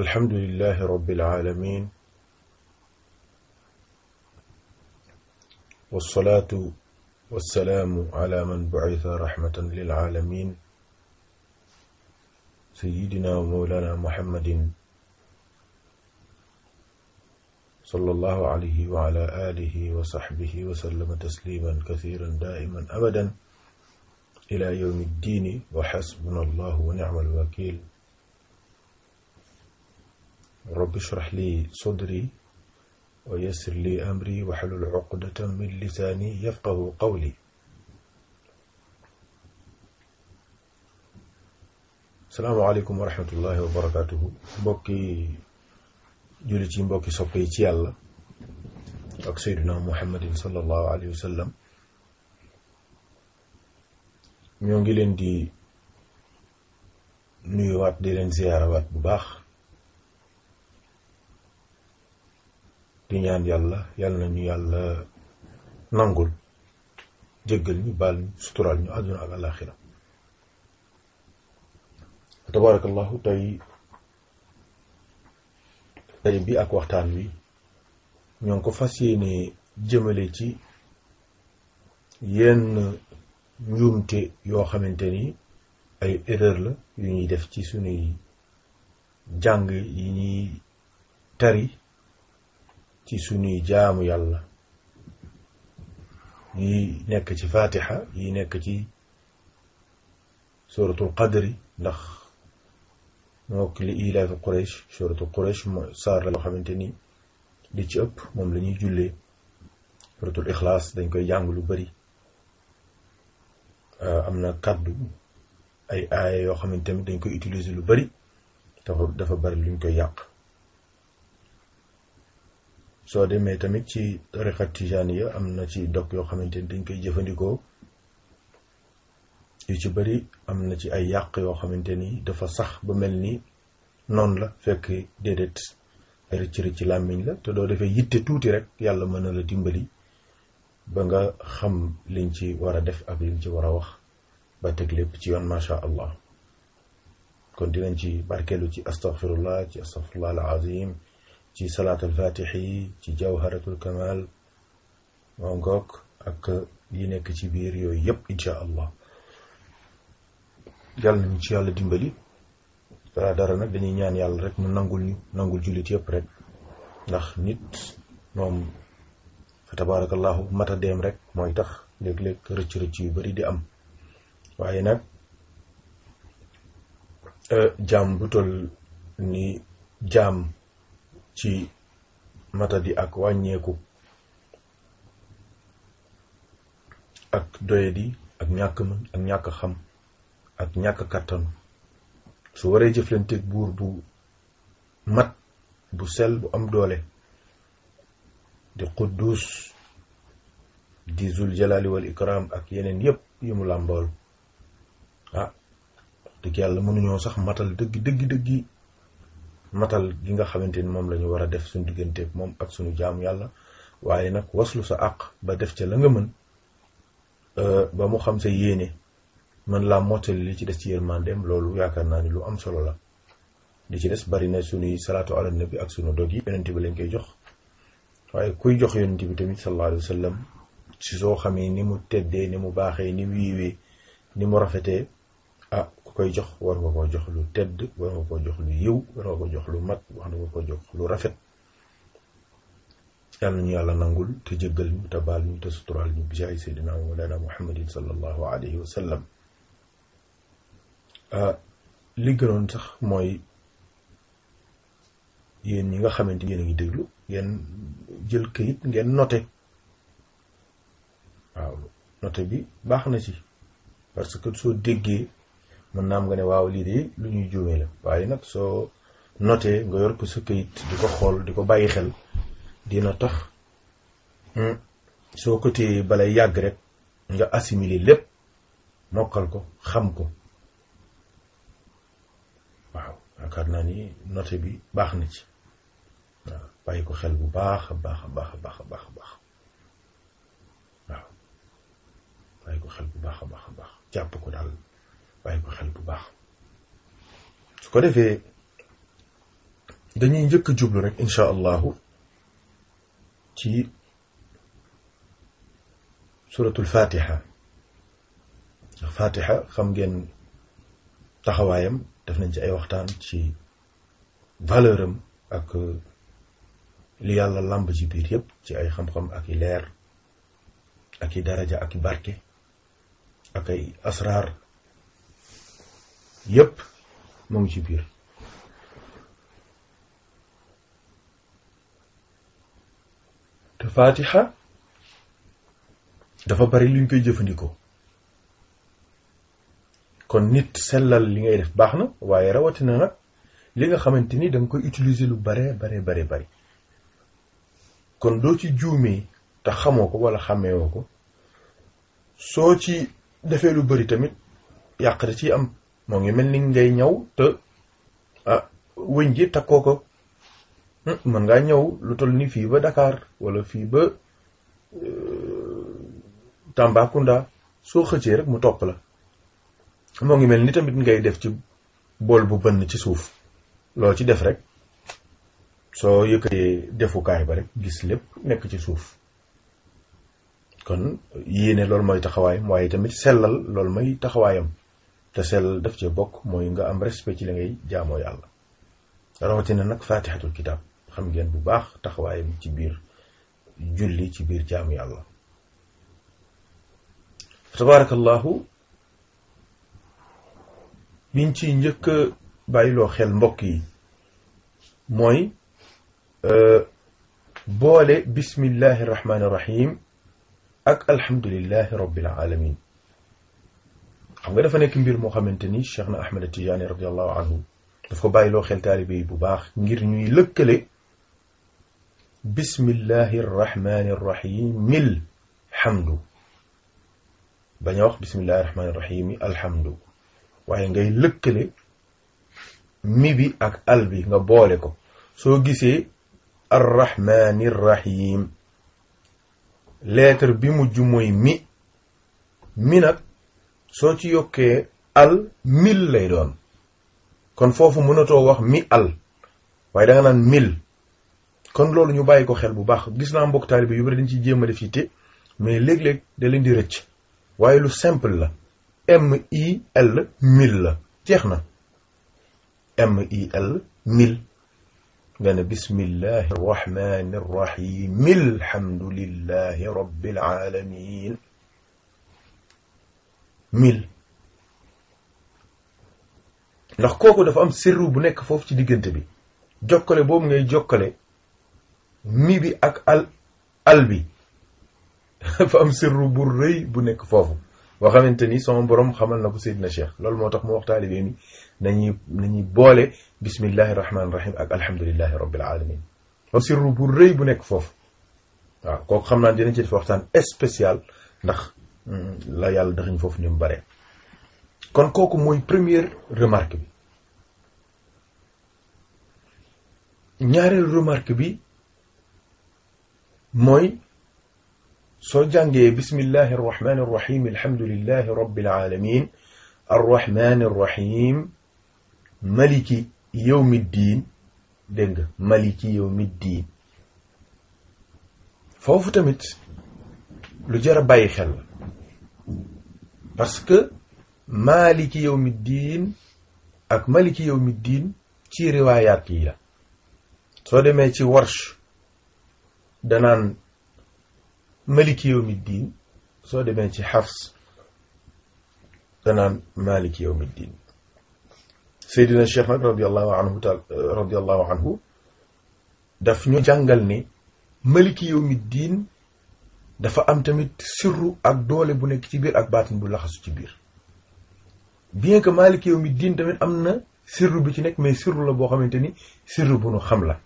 alhamdulilahi rabbil aalamiin wassalaatu wassalaamu alaa man bu'itha rahmatan lil aalamiin sayyidinaa wa mawlaanaa muhammadin sallallahu alayhi wa alaa aalihi wa sahbihi wa sallama tasliiman kathiiran daa'iman abadan ilaa yawmi ddiini wa hasbunallaahu wa ni'mal wakiil rabbi shrah li sadri wa yassir li amri wahlul uqdatan min lisaani yafqahu qawli salaamaaleykum wa rahmatullahi wa barakaatuhu mbokki julli ci mbokki sopp yi ci yàlla ak sayduna muhammadin sallallahu alayhi wa sallam ñoo ngi leen di nuyuwaat di leen ziyaarawaat bu baax di ñaan yàlla yàlla nañu yàlla nangul jéggal ñu baal suturaal ñu àdduna ak alaxira tabarakallahu tey daje bi ak waxtaan wi ñoo ko fas yéene jëmale ci yenn njuumte yoo xamante ni ay erreur la yu ñuy def ci sunuy jàng yi ñuy tari ci sunuy jaamu yàlla yi nekk ci fatiha yi nekk ci suratul qadri ndax mook li ilaafi quraish suratul quraish mo saar la loo xamante ni li ci ëpp moom lañuy ñuy jullee suratul ixlaas dañ koy jàng lu bari euh, am na kàddu ay aaya yoo xamante ni dañ koy utiliser lu bari dafa dafa bari luñ koy yàq soo demee tamit ci tariqa tijaaniya am na ci dog yoo xamante ni dañ koy jëfandikoo yu ci bari am na ci ay yàq yoo xamante ni dafa sax ba mel ni noonu la fekk déedéet rëcc rëcc ci làmmiñ la te doo defee yitte tuuti rek yàlla mën na la dimbali ba nga xam liñ ci war a def ak liñ ci war a wax ba teg lépp ci yoon macha allah kon dinañ ci barkeelu ci astaghfirullah ci astaghfirullah al azim ci salaatul fatix ci jawharatul kamal moo ak yi nekk ci biir yooyu yépp insha allah yàlla nañu ci yàlla dimbali dara dara nag dañuy ñaan yàlla rek mu nangul ñu nangul jullit yépp rek ndax nit moom fa tabarakallahu mata deem rek mooy tax léeg-léeg rëcc rëcc yu bari di am waaye nag eh, jaam bu toll ni jaam ci matadi ak wàññeeku ak doyadi ak ñàkk mën ak ñàkk xam ak ñàkk kàttanu su waree jëflanteeg buur bu mat bu sel bu am doole di quddus di zul jalali wal ikram ak yeneen yépp yi mu làmbool ah dëgg yàlla mënuñoo sax matal dëgg dëgg dëggi matal gi nga xamante ni moom la war a def suñu digganteeg moom ak suñu jaam yàlla waaye nag waslu sa àq ba def ca la nga mën euh, ba mu xam sa yéene man laa mottali li ci des ci yërmandeem loolu yaakaar naa ni lu am solo la li ci des bari na suñuy salaatu ala nabi ak suñu dog yi yonent bi lañ koy jox waaye kuy jox yonent bi tamit sallallahu alayhi wa si soo xamee ni mu teddee ni mu baaxee ni mu ni mu rafetee ah koy jox war nga ko jox lu tedd war nga ko jox lu yiw war nga ko jox lu mag war nga ko jox lu rafet yàlla ñu yàlla nangul te jëggal ñu te baal ñu te suturaal ñu bi jaay seydina mawlana muhammadin sallallahu alayhi wa sallam ah, li gënoon sax mooy yéen ñi nga xamante yéen a ngi déglu ngeen jël këyit ngeen noté waaw noté bi baax na ci parce que soo déggee mën naa am nga ne waaw lii de lu ñuy juumee la waaye nag soo notee nga yor ko sa kayit di ko xool di ko bàyyi xel dina tax hmm, soo ko téye balay yàgg rek nga assimiler lépp mokkal ko xam ko waaw yaakaar naa ni note bi baax na ci waaw bàyyi ko xel bu baax a baax a baax a baax a baax a baax waaw bàyyi ko xel bu baax a baax a baax jàpp ko daal bàyyi ko xel bu baax su ko defee dañuy njëkk jublu rek incha allahu ci suratul fatiha ndax fatiha xam ngeen taxawaayam def nañ ci ay waxtaan ci valeur am ak li yàlla làmb ci biir yépp ci ay xam-xam ak i leer ak i daraja ak i barke ak ay asraar yépp mu ngi ci biir te faatixa dafa bari luñ koy jëfandikoo kon nit sellal li ngay def baax na waaye rawatina nag li nga xamante ni da koy utiliser lu bare bare bare bari kon doo ci juumee te xamoo ko wala xàmmeewoo ko soo ci defee lu bari tamit yàq da ci am moo ngi mel ni ngay ñaw te ah, wëñ ji takkoo ko hmm, mën ngaa ñëw lu toll ni fii ba dakaar wala fii ba euh, Tambacounda soo xëccee rek mu topp la moo ngi mel ni tamit ngay def ci bool bu bënn ci suuf loo ci def rek soo yëkkatee defukaay ba rek gis lépp nekk ci suuf kon yéene loolu mooy taxawaayam waaye tamit sellal loolu mooy taxawaayam te sell def cee bokk mooy nga am respect ci li ngay jaamoo yàlla rawatina nag faatixatul kitaab xam ngeen bu baax taxawaayam ci biir julli ci biir jaamu yàlla tabaarakallahu ci njëkk a bàyyiloo xel mbokk yi mooy euh, boole bismillahi irrahmani irrahim ak alhamdulillahi rabbil alamin xam nga dafa nekk mbir moo xamante ni Cheikh na Ahmed Tidiane radiallahu anhu daf ko bàyyiloo xel taalibe yi bu baax ngir ñuy lëkkale bismillahi rrahmani rrahim alhamdu bañ a wax bismillahi rrahmani rrahim alhamdu waaye ngay lëkkale mi bi ak al bi nga boole ko soo gisee arrahmani rrahim lettre bi mujj mooy mi mi nag soo ci yokkee al mil lay doon kon foofu mënatoo wax mi al waaye da nga mil kon loolu ñu bàyyi ko xel bu baax gis naa mbokk taalibe yu bari dañ ciy jéem a def mais léeg-léeg da leen di rëcc waaye lu simple la M I L mil la jeex na M I L mil nga ne bismillahi rahmani rahim alhamdulillahi rabbil mil ndax kooku dafa am sirru bu nekk foofu ci diggante bi jokkale boobu ngay jokkale mi bi ak al al bi dafa am sëru bu rëy bu nekk foofu boo xamante ni sama borom xamal na ko Seydina loolu moo tax mu waxtaan taalibe ni nañuy nañuy boole bismillahi rahmaani rahim ak alhamdulillahi rabbil alamin wa sirru bu rëy bu nekk foofu waaw kooku xam naa dinañ ci def waxtaan spécial ndax Hmm, la yàlla dëxañ foofu ni mu kon kooku mooy premier remarque bi ñaareelu remarque bi mooy soo jàngee bismillahi arrahmani arrahim alhamdulillahi rabbil alamin arrahmani arrahim maliki yawmi diin dégg nga maliki yawmi diin foofu tamit lu jar a bàyyi xel parce que maaliki yow mi diin ak maliki yow mi diin ci riwaayaat yi la soo demee ci warsh danaan maliki yow mi diin soo demee ci xafs danaan maliki yow mi diin Seydina Cheikh nag radiallahu anhu taal radiallahu anhu daf ñu jàngal ne maliki yow mi diin dafa am tamit sirru ak doole bu nekk ci biir ak baatin bu laxasu ci biir bien que Maaliki yow mi diin tamit am na sirru bi ci nekk mais sirru la boo xamante ni sirru bu nu xam la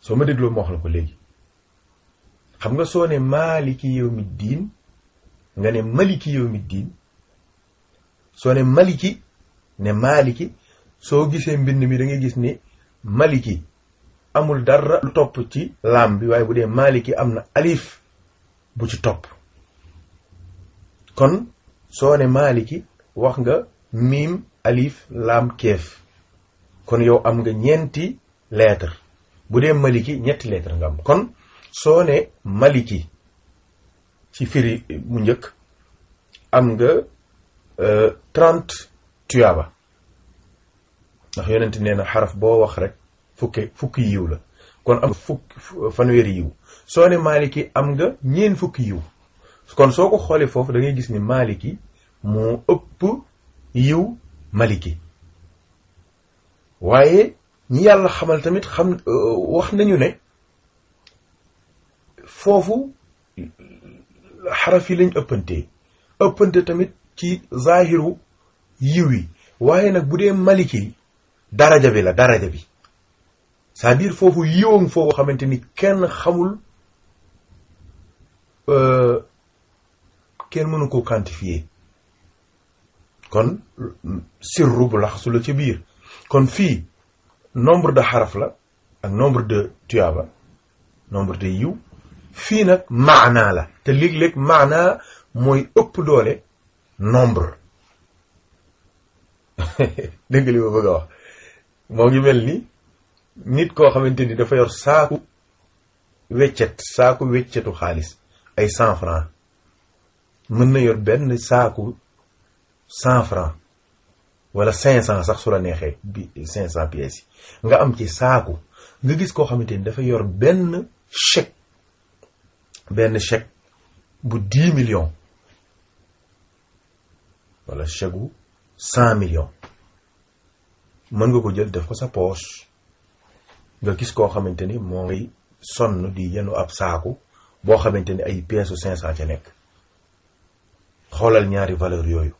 soo ma dégloo ma wax la ko léegi xam nga soo ne Maaliki yow mi diin nga ne Maliki yow mi diin soo ne Maliki ne Maaliki soo gisee mbind mi da gis ni Maliki amul dara lu topp ci laam bi waaye bu dee Maaliki am na alif. bu ci topp kon soone ne maaliki wax nga miim alif laam keef kon yow am nga ñeenti lettre bu dee maliki ñetti lettre nga am kon soo ne maliki ci firi mu njëkk am nga euh, trente tuyaaba ndax yonent nee na xaraf boo wax rek fukki fukki yiw la kon am nga fukki fanweeri yiw soo ne Maliki am nga ñeent fukki yiw kon soo ko xoolee foofu da gis ni Maliki moo ëpp yiw Maliki waaye ñi yàlla xamal tamit xam euh, wax nañu ne foofu xaraf yi lañ ëppante ëppante tamit ci zaahiru yiw yi waaye nag bu dee Maliki daraja bi la daraja bi c'est-à-dire foofu yiwam foo xamante ni kenn xamul Euh, kenn mënu ko quantifier kon sirru bu laxasu la ci biir kon fii nombre de xaraf la ak nombre de tuyaaba nombre de yiw fii nag maanaa la te léeg-léeg maanaa mooy ëpp doole nombre dégg li bëgg a wax moo ngi mel ni nit koo xamante ni dafa yor saaku weccet saaku weccetu xaalis ay mën na yor benn saaku cent franc wala cinq cent sax su la neexee bi cinq cent yi nga am ci saaku nga gis koo xamante ni dafa yor benn chèque benn chèque bu dix million wala chèque bu million mën nga ko jël def ko sa poche nga gis koo xamante ni moo ngi sonn di yenu ab saaku boo xamante ni ay pièces cinq cent ca nekk xoolal ñaari valeur yooyu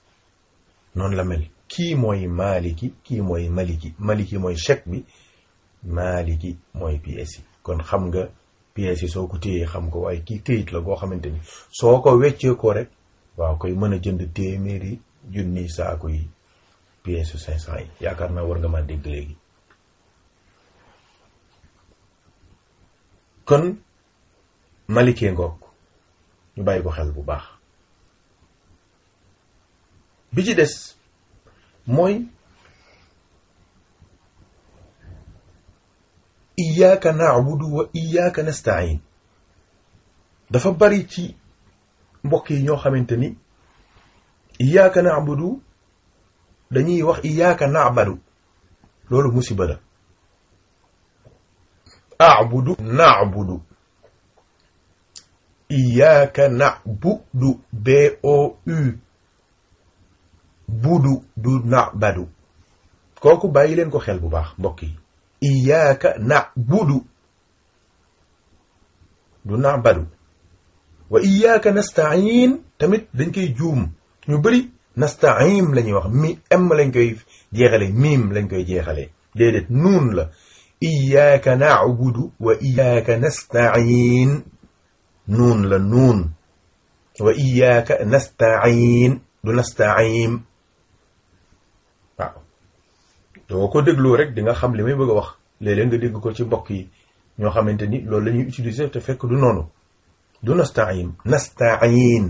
noonu la mel kii mooy maaliki kii mooy maliki maliki mooy chèque bi maaliki mooy pièces yi kon xam nga pièces yi soo ko téyee xam ko waaye kii këyit la goo xamante ni soo ko weccee ko rek waaw koy mën a jënd téeméeri junni saako yi pièces yu cinq cent yi yaakaar naa war nga maa dégg léegi kon malikee ngoog ñu bàyyi ko xel bu baax bi ci des mooy iyaaka naabudu wa iyaaka nastain dafa bari ci mbokk yi ñoo xamante ni iyaaka naabudu dañuy wax iyaaka naabadu loolu musiba la aabudu naabudu iyyaka na'budu b-o-u budu du na'badu kooku bàyyi leen ko xel bu baax mbokk yi iyyaka na'budu du na'badu wa iyyaka nasta'in tamit dañ koy juum ñu bëri nasta'in la ñuy wax mi m lañ koy jeexale miim lañ koy jeexale déedéet nuun la iyyaka na'budu wa iyyaka nasta'in nuun la nuun wa iyaaka nastain du nastaim waaw doo ko dégloo rek di nga xam li may bëgg a wax léeg-léeg nga dégg ko ci mbokk yi ñoo xamante ni loolu la ñuy utiliser te fekk du noonu du nastaim nastain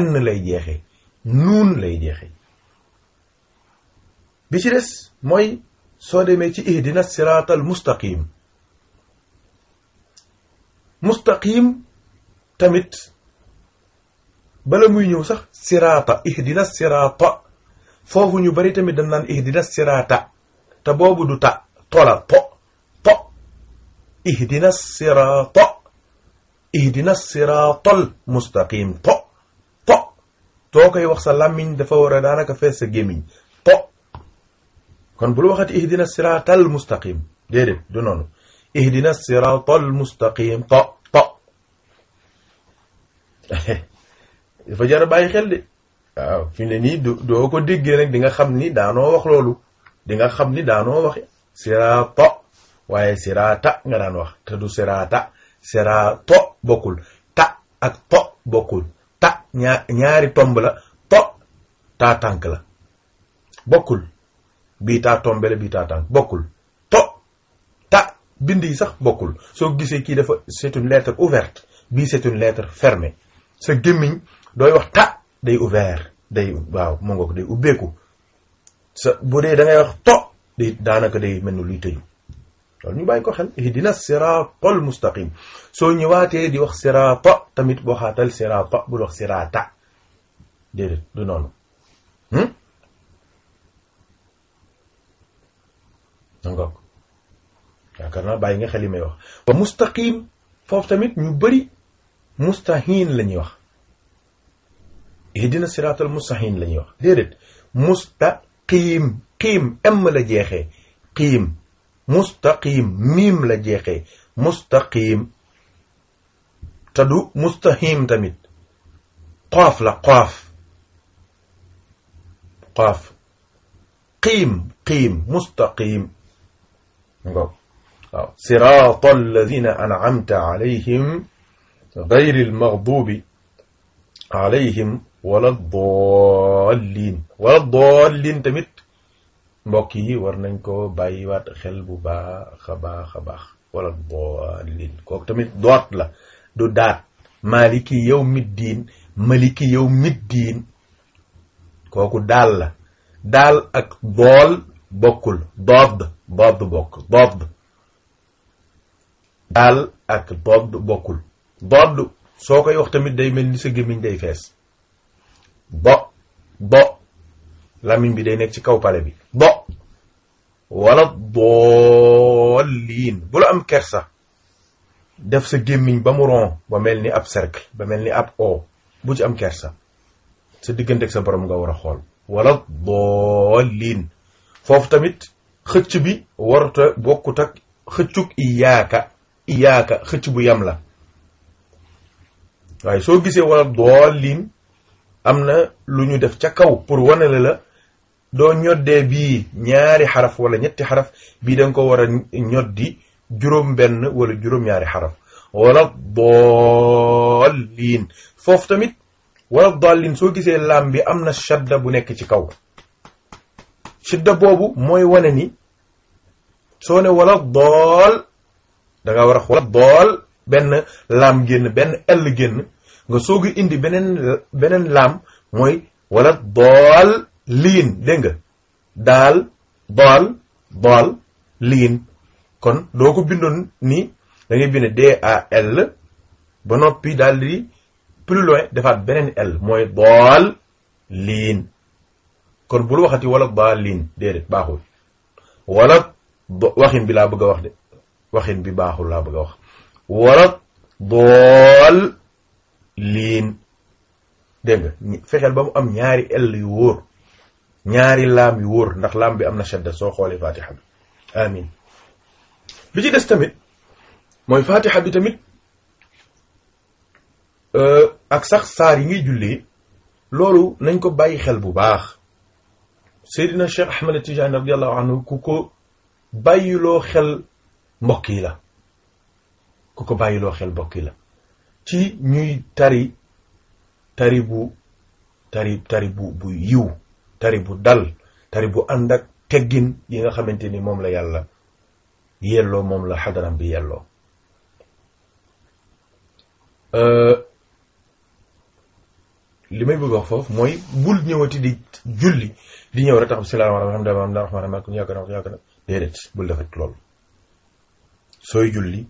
n lay jeexe nuun lay jeexe bi ci des mooy soo demee ci ihdina siraat al mustaqim mustaqim tamit bala muy ñëw sax siraata ihdina siraata foofu ñu bari tamit dañ naan ihdina siraata te boobu du ta tola po po ihdina siraata ihdina siraatal mustaqim po po too koy wax sa làmmiñ dafa war a daanaka fees sa gémmiñ po kon bul waxati ihdina siraatal mustaqim déedéet du noonu ihdina siraatal mustaqim po dafa jar bàyyi xel de waaw fi ne nii doo ko déggee rek di nga xam ni daanoo wax loolu di nga xam ni daanoo waxe sirato waaye sirata nga daan wax te du sirata sirato bokkul ta ak to bokkul ta ñaar ñaari tomb la to taa tànk la bokkul bii taa tombe la bii taa tànk bokkul to ta bind yi sax bokkul soo gisee kii dafa c'est une lettre ouverte bii c'est une lettre fermée sa gémmiñ dooy wax ta day ouvert day waaw mu day ubbeeku sa bu dee da ngay wax to day daanaka day mel ni luy tëju loolu ñu bàyyi ko xel ihdina siratal mustaqim soo ñëwaatee di wax sirata tamit waxaatal sirata bul wax sirata déedéet du noonu dangok hmm? yaakaar naa bàyyi nga xel yi may wax wa foofu tamit ñu bëri mustahin la ñuy wax ihdina siraatal mustahin la ñuy wax déedéet mustaqiim qiim m la jeexee qiim mustaqiim miim la jeexee mustaqiim te du mustahim tamit qaaf la qaaf qaaf qiim qiim mustaqiim waaw siraata alladina an'amta alayhim غير المغضوب عليهم wala dolliin wala dolliin tamit mbokk yi war nañ ko bàyyiwaat xel bu baax a baax a baax wala dolliin kooku tamit doot la du daat maaliki yow mid diin maliki yow mid diin kooku daal la daal ak dool bokkul dodd dodd bokk dodd daal ak dodd bokkul dodd soo koy wax tamit day mel ni sa gémmiñ day fees bo bo làmmiñ bi day nekk ci kaw pale bi bo wala doolliin bu la am kersa def sa gémmiñ ba mu ron ba mel ni ab cercle ba mel ni ab o bu ci am kersa sa diggante ak sa borom nga war a xool wala doolliin foofu tamit xëcc bi warut a bokkut ak xëccug iyaaka iyaaka xëcc bu yam la waaye soo gisee wala doolin am na lu ñu def ca kaw pour wane la la doo ñoddee bii ñaari xaraf wala ñetti xaraf bii da nga ko war a ñoddi juróom-benn wala juróom-ñaari xaraf wala doolin foofu tamit wala doolin soo gisee laam bi am na shadda bu nekk ci kaw shadda boobu mooy wone ni soo ne wala dool da nga war a wala dool benn laam génn benn ell génn nga soog a indi beneen beneen laam mooy wala bool liin dégg nga daal bool bool liin kon doo ko bindoon ni da ngay bind D A L ba noppi daal di plus loin defaat beneen L mooy bool liin kon bul waxati wala baal liin déedéet baaxul wala waxin bi laa bëgg a wax de waxin bi baaxul laa bëgg a wax wala dool liin dégg nga fexeel ba mu am ñaari ell yu wóor ñaari laam yu wóor ndax laam bi am na shadda soo xoolee fatiha bi amin bi ci des tamit mooy fatiha bi tamit euh, ak sax saar yi ngay jullee loolu nañ ko bàyyi xel bu baax na Cheikh Ahmed Tidiane radiyallahu anhu ku ko bàyyiloo xel mbokk yi ku ko bàyyiloo xel bokki la ci ñuy tari tari bu tari tari bu bu yiw tari bu dal tari bu ànd ak teggin yi nga xamante ni moom la yàlla yelloo moom la xadaram bi yelloo li may bëgg wax foofu mooy bul ñëwati di julli di ñëw rek taxaw salaamaaleykum alhamdulilah alhamdulilah alhamdulilah yàgg na yàgg na déedéet bul defat loolu sooy julli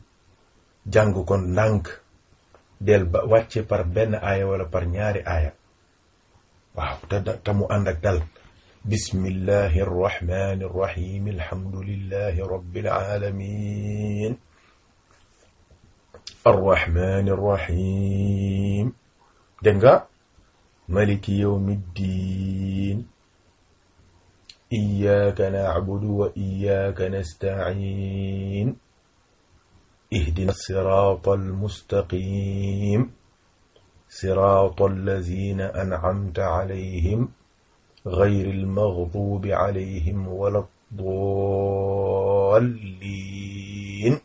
jàng ko ndànk del ba wàcce par benn aaya wala par ñaari aaya waaw te te mu ànd ak dal bismillahi arrahmani arrahim alhamdulillahi rabbil alamin arrahmani arrahim dégg nga maliki yawmiddin iyyaka na'budu wa iyyaka nasta'in اهدنا الصراط المستقيم صراط الذين أنعمت عليهم غير المغضوب عليهم ولا الضالين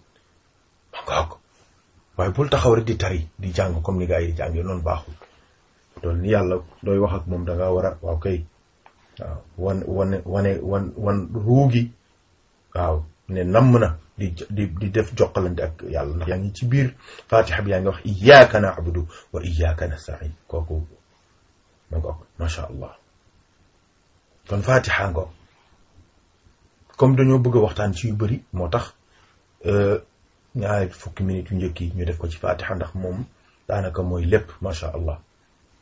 waaye bul taxaw rek di tari di jàng comme ni gaa yi di jàng noonu baaxul doon ni yàlla dooy wax ak moom danga war a waaw kay waaw wan wane wane wan wan ruugi waaw ne namm na di di def jokkalante ak yàlla ndax yaa ngi ci biir fatiha bi yaa ngi wax na iyyaka na'budu wa iyyaka nasta'in kooku ma nga macha allah kon fatiha nga comme dañoo bëgg a waxtaan ci yu bëri moo tax euh, ñaari fukki minutes yu njëkk yi ñu def ko ci fatiha ndax moom daanaka mooy lépp macha allah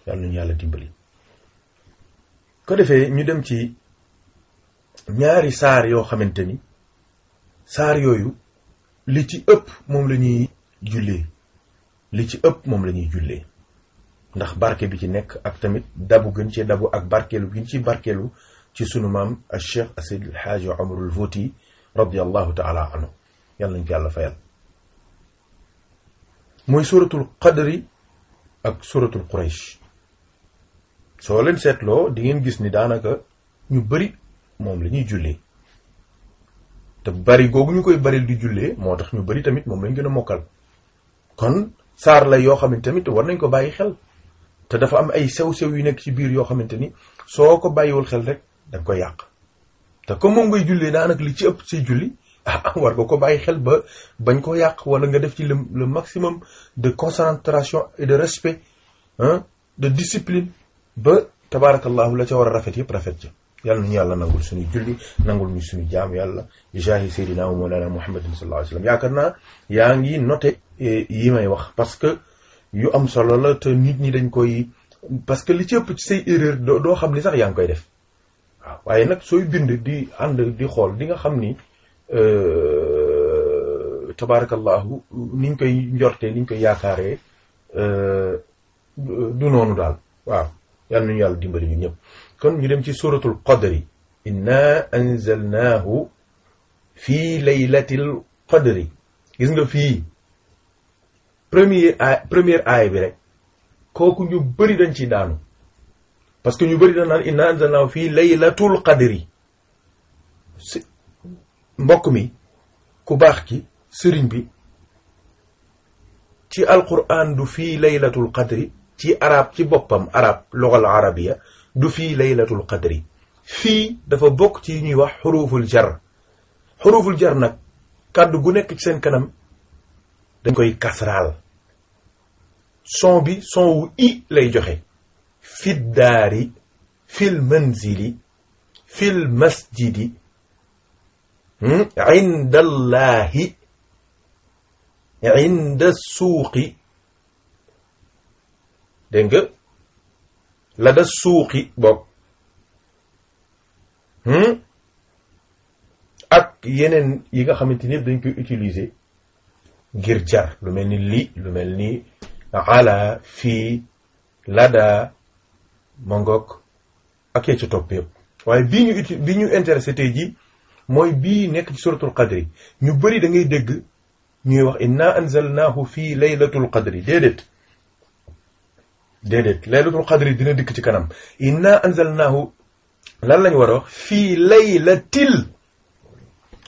yàlla nañu yàlla dimbali ko defee ñu dem ci ñaari saar yoo xamante ni saar yooyu li ci ëpp moom la jullee li ci ëpp moom lañuy ñuy jullee ndax barke bi ci nekk ak tamit dabu gën ci dabu ak barkeelu gën ci barkeelu ci sunu maam al cheikh asid al xaaj omarul Fouti radiallahu taala anhu yàlla nañ ko yàlla fayal mooy suratul qadri ak suratul quraysh soo leen seetloo di ngeen gis ni daanaka ñu bari moom lañuy ñuy jullee te bari googu ñu koy bari di jullee moo tax ñu bari tamit moom lañ gën a mokkal kon saar la yoo xam ne tamit war nañ ko bàyyi xel te dafa am ay sew-sew yu nekk ci biir yoo xamante ni soo ko bàyyiwul xel rek danga koy yàq te comme moom ngay jullee daanak li ci ëpp say julli ah, ah war nga ko bàyyi xel ba bañ ko yàq wala nga def ci le le maximum de concentration et de respect de discipline ba tabarakallahu la ca war a rafet yëpp rafet ca yàlla nañu yàlla nangul suñu julli nangul ñu suñu jaam yàlla bi jaahi sayyidina wa mawlana muhammadin sallallahu alayhi wa sallam yaakaar naa yaa ngi noté eh, yi may wax parce que yu am solo la nit ñi dañ koy parce que li ci ëpp ci xam ni sax yaa ngi koy def waaw waaye nag sooy bind di ànd di xool di nga xam ni euh, tabarakallahu niñ koy njortee niñ koy yaakaaree euh, du noonu daal waaw yàlla nañu yàlla dimbali ñun ñëpp kon ñu dem ci suratul qadri inna anzalnaahu fii laylatil qadri gis nga fii premier ay kooku ñu bari dañ ci daanu parce que ñu bari dañ naan inna anzalnaahu fii laylatul qadri si mbokk mi ku baax ki sëriñ bi ci alquran du fii laylatul qadri ci arab ci boppam arab lugal arabiya du fii laylatul qadri fii dafa bokk ci ñuy wax xuruful jar xuruful jar nag kàddu gu nekk ci kanam dañ koy kasraal son bi son wu lay joxe fi daari fil manzili fil masjidi hmm, inda allahi inda suuqi dégg nga la da suuqi bokk hmm? ak yeneen yi nga xamante ni dañ koy utiliser ngir jar lu mel ni li lu mel ni ala fii lada mongok ak yee ca topp yëpp bii ñu uti bi ñu intéressé tey ji mooy bii nekk ci suratul qadri ñu bari da ngay dégg ñuy wax inna anzalnaahu fii laylatul qadri déedéet déedéet laylatul qadri dina dikk ci kanam inna anzalnaahu lan lañ war a wax fii laylatil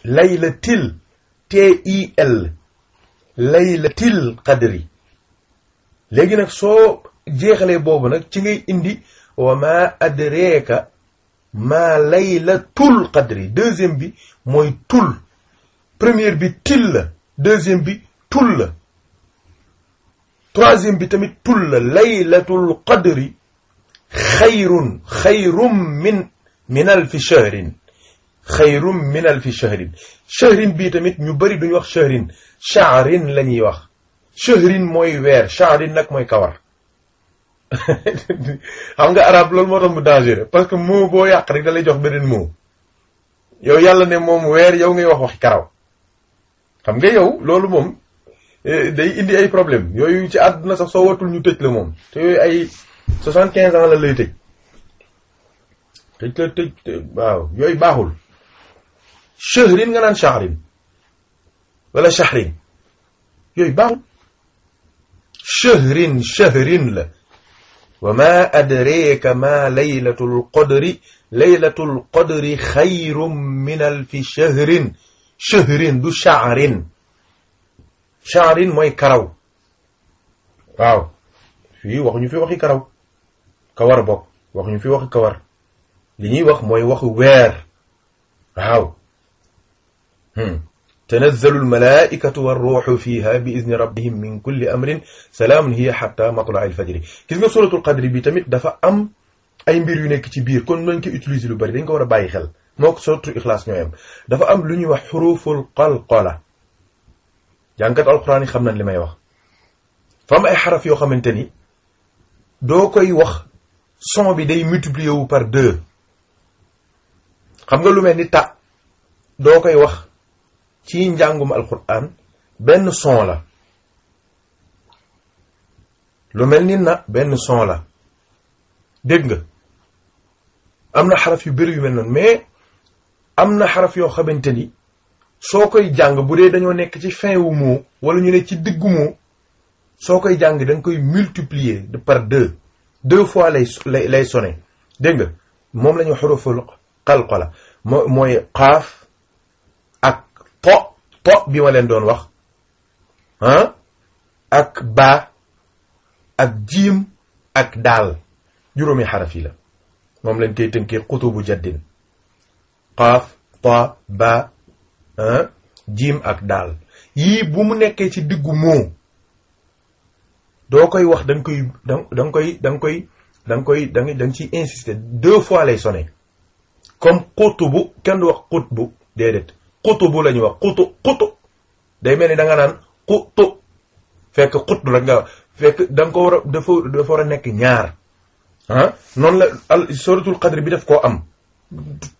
laylatil t i l laylatil qadri léegi nag soo jeexalee boobu nag ci ngay indi wa ma adreeka ma laylatul qadri deuxième bi mooy tul première bi til la deuxième bi tul la troisième bi tamit tul la laylatul qadri xayrun xayrum min min alfi shahrin xayrum min alfi shahrin shahrin bii tamit ñu bëri duñu wax shahrin shaarin la ñuy wax shahrin mooy weer shaarin nag mooy kawar xam nga arab loolu moo tax mu dangereux parce que moo boo yàq rek da lay jox beneen moo yow yàlla ne moom weer yow ngay wax waxi karaw xam nga yow loolu moom Eh, day indi ay problème yooyu ci àdduna sax soo watul ñu tëj la moom te yooyu ay soixante quinze ans la lay tëj tëj la tëj waaw yooyu baaxul shahrin nga naan shahrin wala shahrin yooyu baaxul shahrin shahrin la wa ma adreeka ma laylatul qadri laylatul qadri xayrun min alfi shahrin shahrin du shahrin shaarin mooy karaw waaw fii waxuñu fi waxi karaw kawar bokk waxuñu fi waxi kawar li ñuy wax mooy waxu weer waaw hmm. tanazzalu almalaikatu warruuxu fiha bi idni rabbihim min kulli amrin salaamun hiya xata matlaa alfajri gis nga suratul qadri bi tamit dafa am ay mbir yu nekk ci biir kon nañ ko utiliser lu bari dañ ko war a bàyyi xel moo ko suratul ixlaas ñooy am dafa am lu ñuy wax xuruful qalqala jàngat alxuraan yi xam nañ li may wax fa ay xaraf yoo xamante ni doo koy wax son bi day multiplier wu par deux xam nga lu mel ni ta doo koy wax ci njàngum alxuraan benn son la lu mel ni na benn son la dégg nga am na xaraf yu bëri mel noonu mais am na xaraf yoo xamante ni soo koy jàng bu dee dañoo nekk ci fin wu mot wala ñu ne ci diggu mot soo koy jàng da koy multiplier de par deux deux fois lay lay sone sonné dégg nga moom lañu ñu xuruful mooy xaaf ak po bi ma doon wax ak baa ak jiim ak daal juróomi xaraf yi la moom lañ koy tënkee xutubu jaddin xaaf ta ba Ah, jiim ak daal yii bu mu nekkee ci diggu moom doo koy wax da koy da nga koy da nga koy da koy da nga ciy insister deux fois lay sonné comme bu kenn du wax bu xutbu déedéet xutubu la ñuy wax xutu xutu day mel ni danga nga naan xutu fekk xutu la nga fekk da ko war a dafa dafa war nekk ñaar ah noonu la al suratul qadri bi daf koo am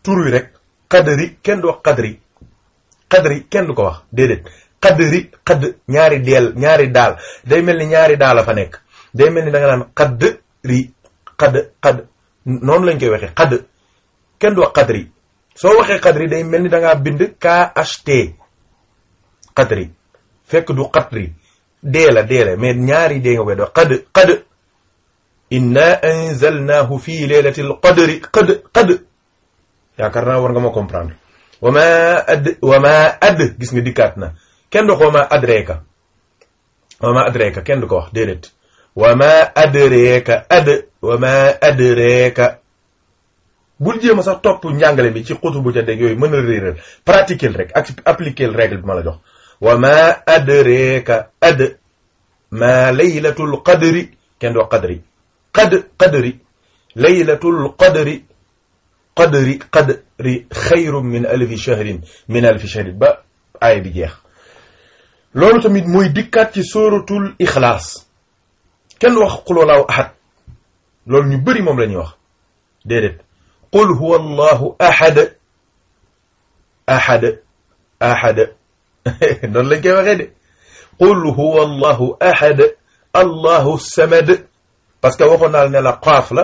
tur wi rek qadri kenn du wax qadri xadri kenn du ko wax déedéet xadri xadd ñaari deel ñaari daal day mel ni ñaari daal a fa nekk day mel ni da naan xadri xadd xadd noonu lañ koy waxee xadd kenn du wax day mel ni da ngaa bind KHT xadri fekk du xadri dee la dee la mais ñaari dee nga koy doon xad xad inna anzalnahu fi laylatil qadri xad xad yaakaar war nga ma comprendre wa ma ad gis nga dikkaat na kenn du ko wa ma adreeka wa ma adreeka kenn du ko wax déedéet wa ma adreeka ad wa ma adreeka bul jéem a sax topp njàngale mi ci xutu bu ca dégg yooyu mën a réeral pratiquer rek ak appliquer règle bi ma la jox wa ma adreeka ad ma laylatul qadri kenn du qadri qad qadri qadri qadri qadri xayru min alfi shahrin min alfi shahrin ba aaya bi jeex loolu tamit mooy dikkaat ci sóoratul ixlaas kenn wax qul walaahu ahad loolu ñu bëri moom la ñuy wax déedéet qul huwa allahu ahad ahad ahad noonu lañ koy waxee de qul huwa allahu ahad allahu samad parce que waxoon naa ne la qaaf la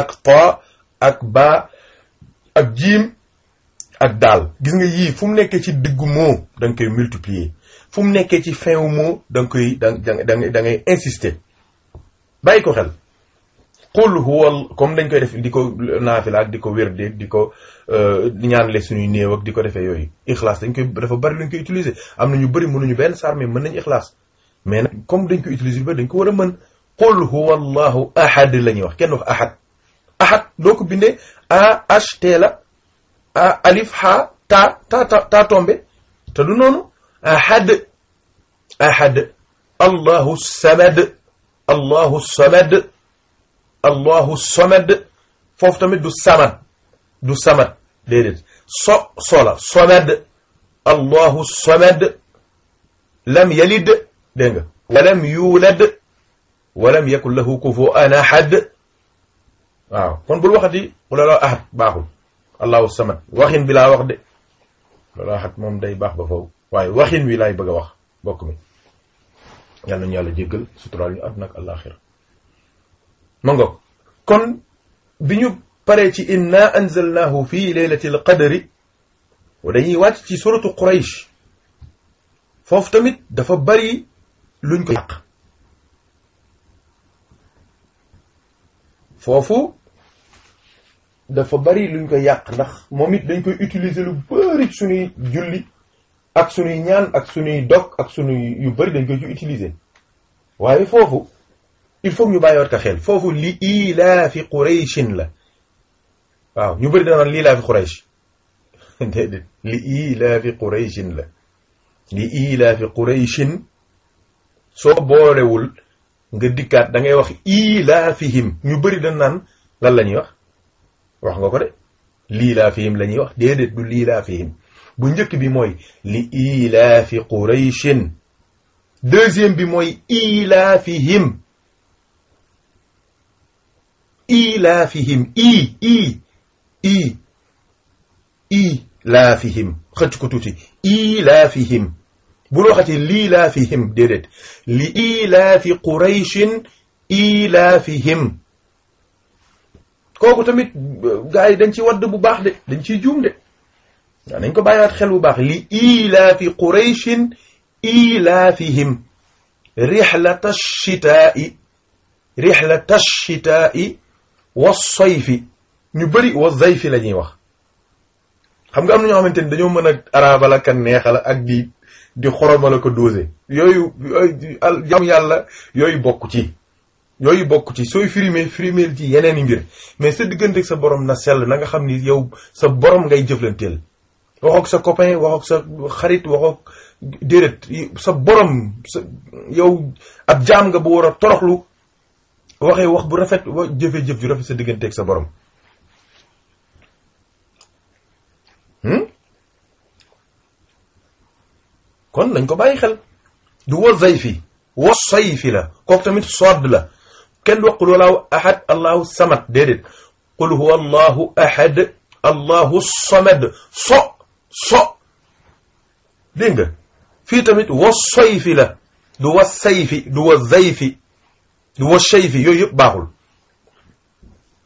ak ta ak ba ak jiim ak daal gis nga yii fu mu nekkee ci diggu mot da nga koy multiplier fu mu nekkee ci fin wu mot da koy da da da ngay insister bàyyi ko xel qul huwa comme dañ koy def di ko naafila ak di ko wér dee di ko euh, ñaanle suñuy néew ak di ko defee yooyu ixlaas dañ koy dafa bari lañ koy utiliser am na ñu bari bëri ñu benn saar mais mën nañ ixlaas mais na comme dañ koy utiliser dañ ko war a mën qul huwa allahu ahad la ñuy wax kenn wax ahad ahad doo ko bindee a h t la a alif ha ta ta ta tombe te du noonu ahad ahad allahu samad allahu samad allahu samad foofu tamit du samad du samad déedéet so sola samad allahu samad lam yalid dégg nga walam yulad walam yakun lahu kufuwan ahad waaw kon bul waxati wala laa ahad baaxul allahu samad waxin bi laa wax de wala ahad moom day baax ba faw waaye waxin wi laay bëgg a wax bokk mi yal nañu yàlla jéggal suturaal ñu àdduna ak alaaxira kon bi ñu paree ci inna anzalnaahu fii laylatil qadri dañuy wàcc ci suratu quraysh foofu tamit dafa bari luñ ko yàq foofu dafa bari luñ ko yàq ndax moom it dañ koy utiliser lu bari suñuy julli ak suñuy ñaan ak suñuy dog ak suñuy yu bari dañ koy ci utiliser waaye foofu il faut ñu bàyyiwaat ko xel foofu li ilaafi qurayshin la waaw ñu bari dana naan li ilaafi quraysh déedéet li ilaafi la li nga dikkaat da wax ilaafihim ñu bari dañ lan la ñuy wax wax nga ko de liilaafihim wax déedéet du liilaafihim bu njëkk bi mooy li ilaafi qurayshin deuxième bi mooy ilaafihim ilaafihim i i i ilaafihim xëcc ko tuuti ilaafihim bul waxatee liilaafihim déedéet li ilaafi qurayshin ilaafihim kooku tamit gars yi dañ ci wadd bu baax de dañ ciy juum de waaw nañ ko bàyyiwaat xel bu baax li ilaafi qurayshin ilaafihim rixlata shitaa'i rixlata shitaa'i wa sayfi ñu bëri wa zayfi la ñuy wax xam nga am na ñoo xamante ni dañoo mën a araabal ak neexal ak di di xoromala ko dosé yooyu jam yàlla yooyu bokk ci yooyu bokk ci sooy frimé frimeel ci yeneen i mbir mais sa diggante sa boroom na sell na nga xam ni yow sa borom ngay jëflanteel waxoog sa copain waxoog sa xarit waxoog déedéet sa borom sa yow ab jaam nga bu war a toroxlu waxee wax bu rafet wa jëfee jëf ju rafet sa digganteek sa borom. Hmm? kon nañ ko bàyyi xel du wa zayfi wa sayfi la kooku tamit sodd la kenn du wax qul walaahu ahad allahu allahu samad so so dégg nga fii tamit wa sayfi la du wa sayfi du wa zayfi du wa sayfi yooyu yëpp baaxul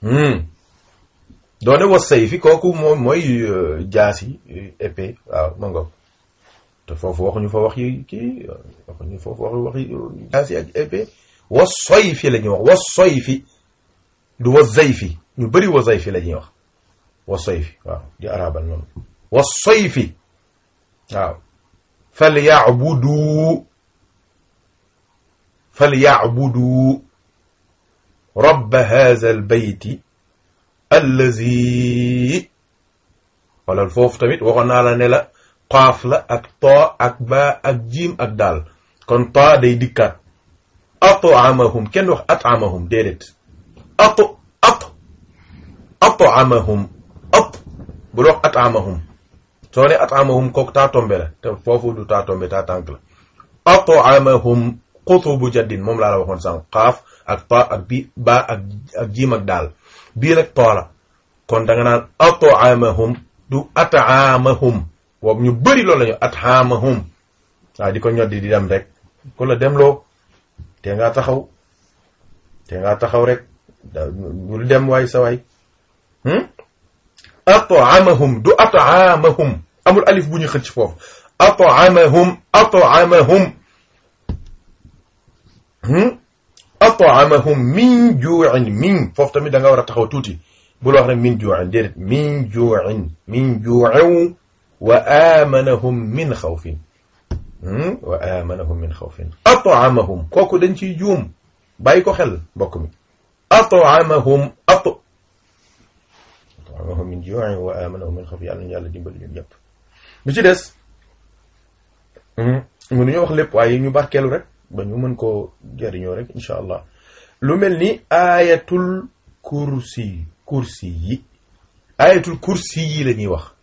hmm. doone wa sayfi kooku moom mooy euh, jaasi euh, épée waaw ma te foofu waxuñu fa wax yi kii waxuñu foofu wax wax yi jaasi ak épée wasoy fi la ñuy wax wasoy fi du wasay fi ñu bëri wasay fi la ñuy wax wasoy fi waaw di arabal noonu wasoy fi waaw fal yabudu fal yabudu rabba haza al bayti allazi wala foofu tamit waxoon naa la ne la qaaf la ak too ak ba ak jiim ak daal kon ta day dikkaat at'amahum kenn wax at'amahum déedéet at at at'amahum at bul wax at'amahum soo te foofu du taa tombe taa tànk la at'amahum qutubu laa la waxoon sànq qaaf ak ta ba ak jiim ak daal bii nag too la kon da nga naan at'amahum du at'amahum boobu ñu bëri loolu lañu at xaamahum waaw di ko ñoddi di dem rek ku la demloo te ngaa taxaw te ngaa taxaw rek bul dem waay sa waay hmm? ataamahum du ataamahum amul alif bu ñu xëcc foofu ataamahum ataamahum hmm? ataamahum min juuin min foofu tamit da nga war a taxaw tuuti bul wax rek min juuin déedéet min juuin min juuin wa aamanahum min xawfin hmm? wa aamanahum min xawfin ataamahum kooku dañ ciy juum bàyyi ko xel mbokk mi ataamahum at ataamahum min juuin wa aamanahum min xawfin yàlla ñu yàlla dimbali ñun ñëpp bu ci des hmm, mënuñu wax lépp waaye ñu barkeelu rek ba ñu mën koo jariñoo rek incha allah lu mel ni ayatul kursi kursi yi ayatul kursi yi la ñuy wax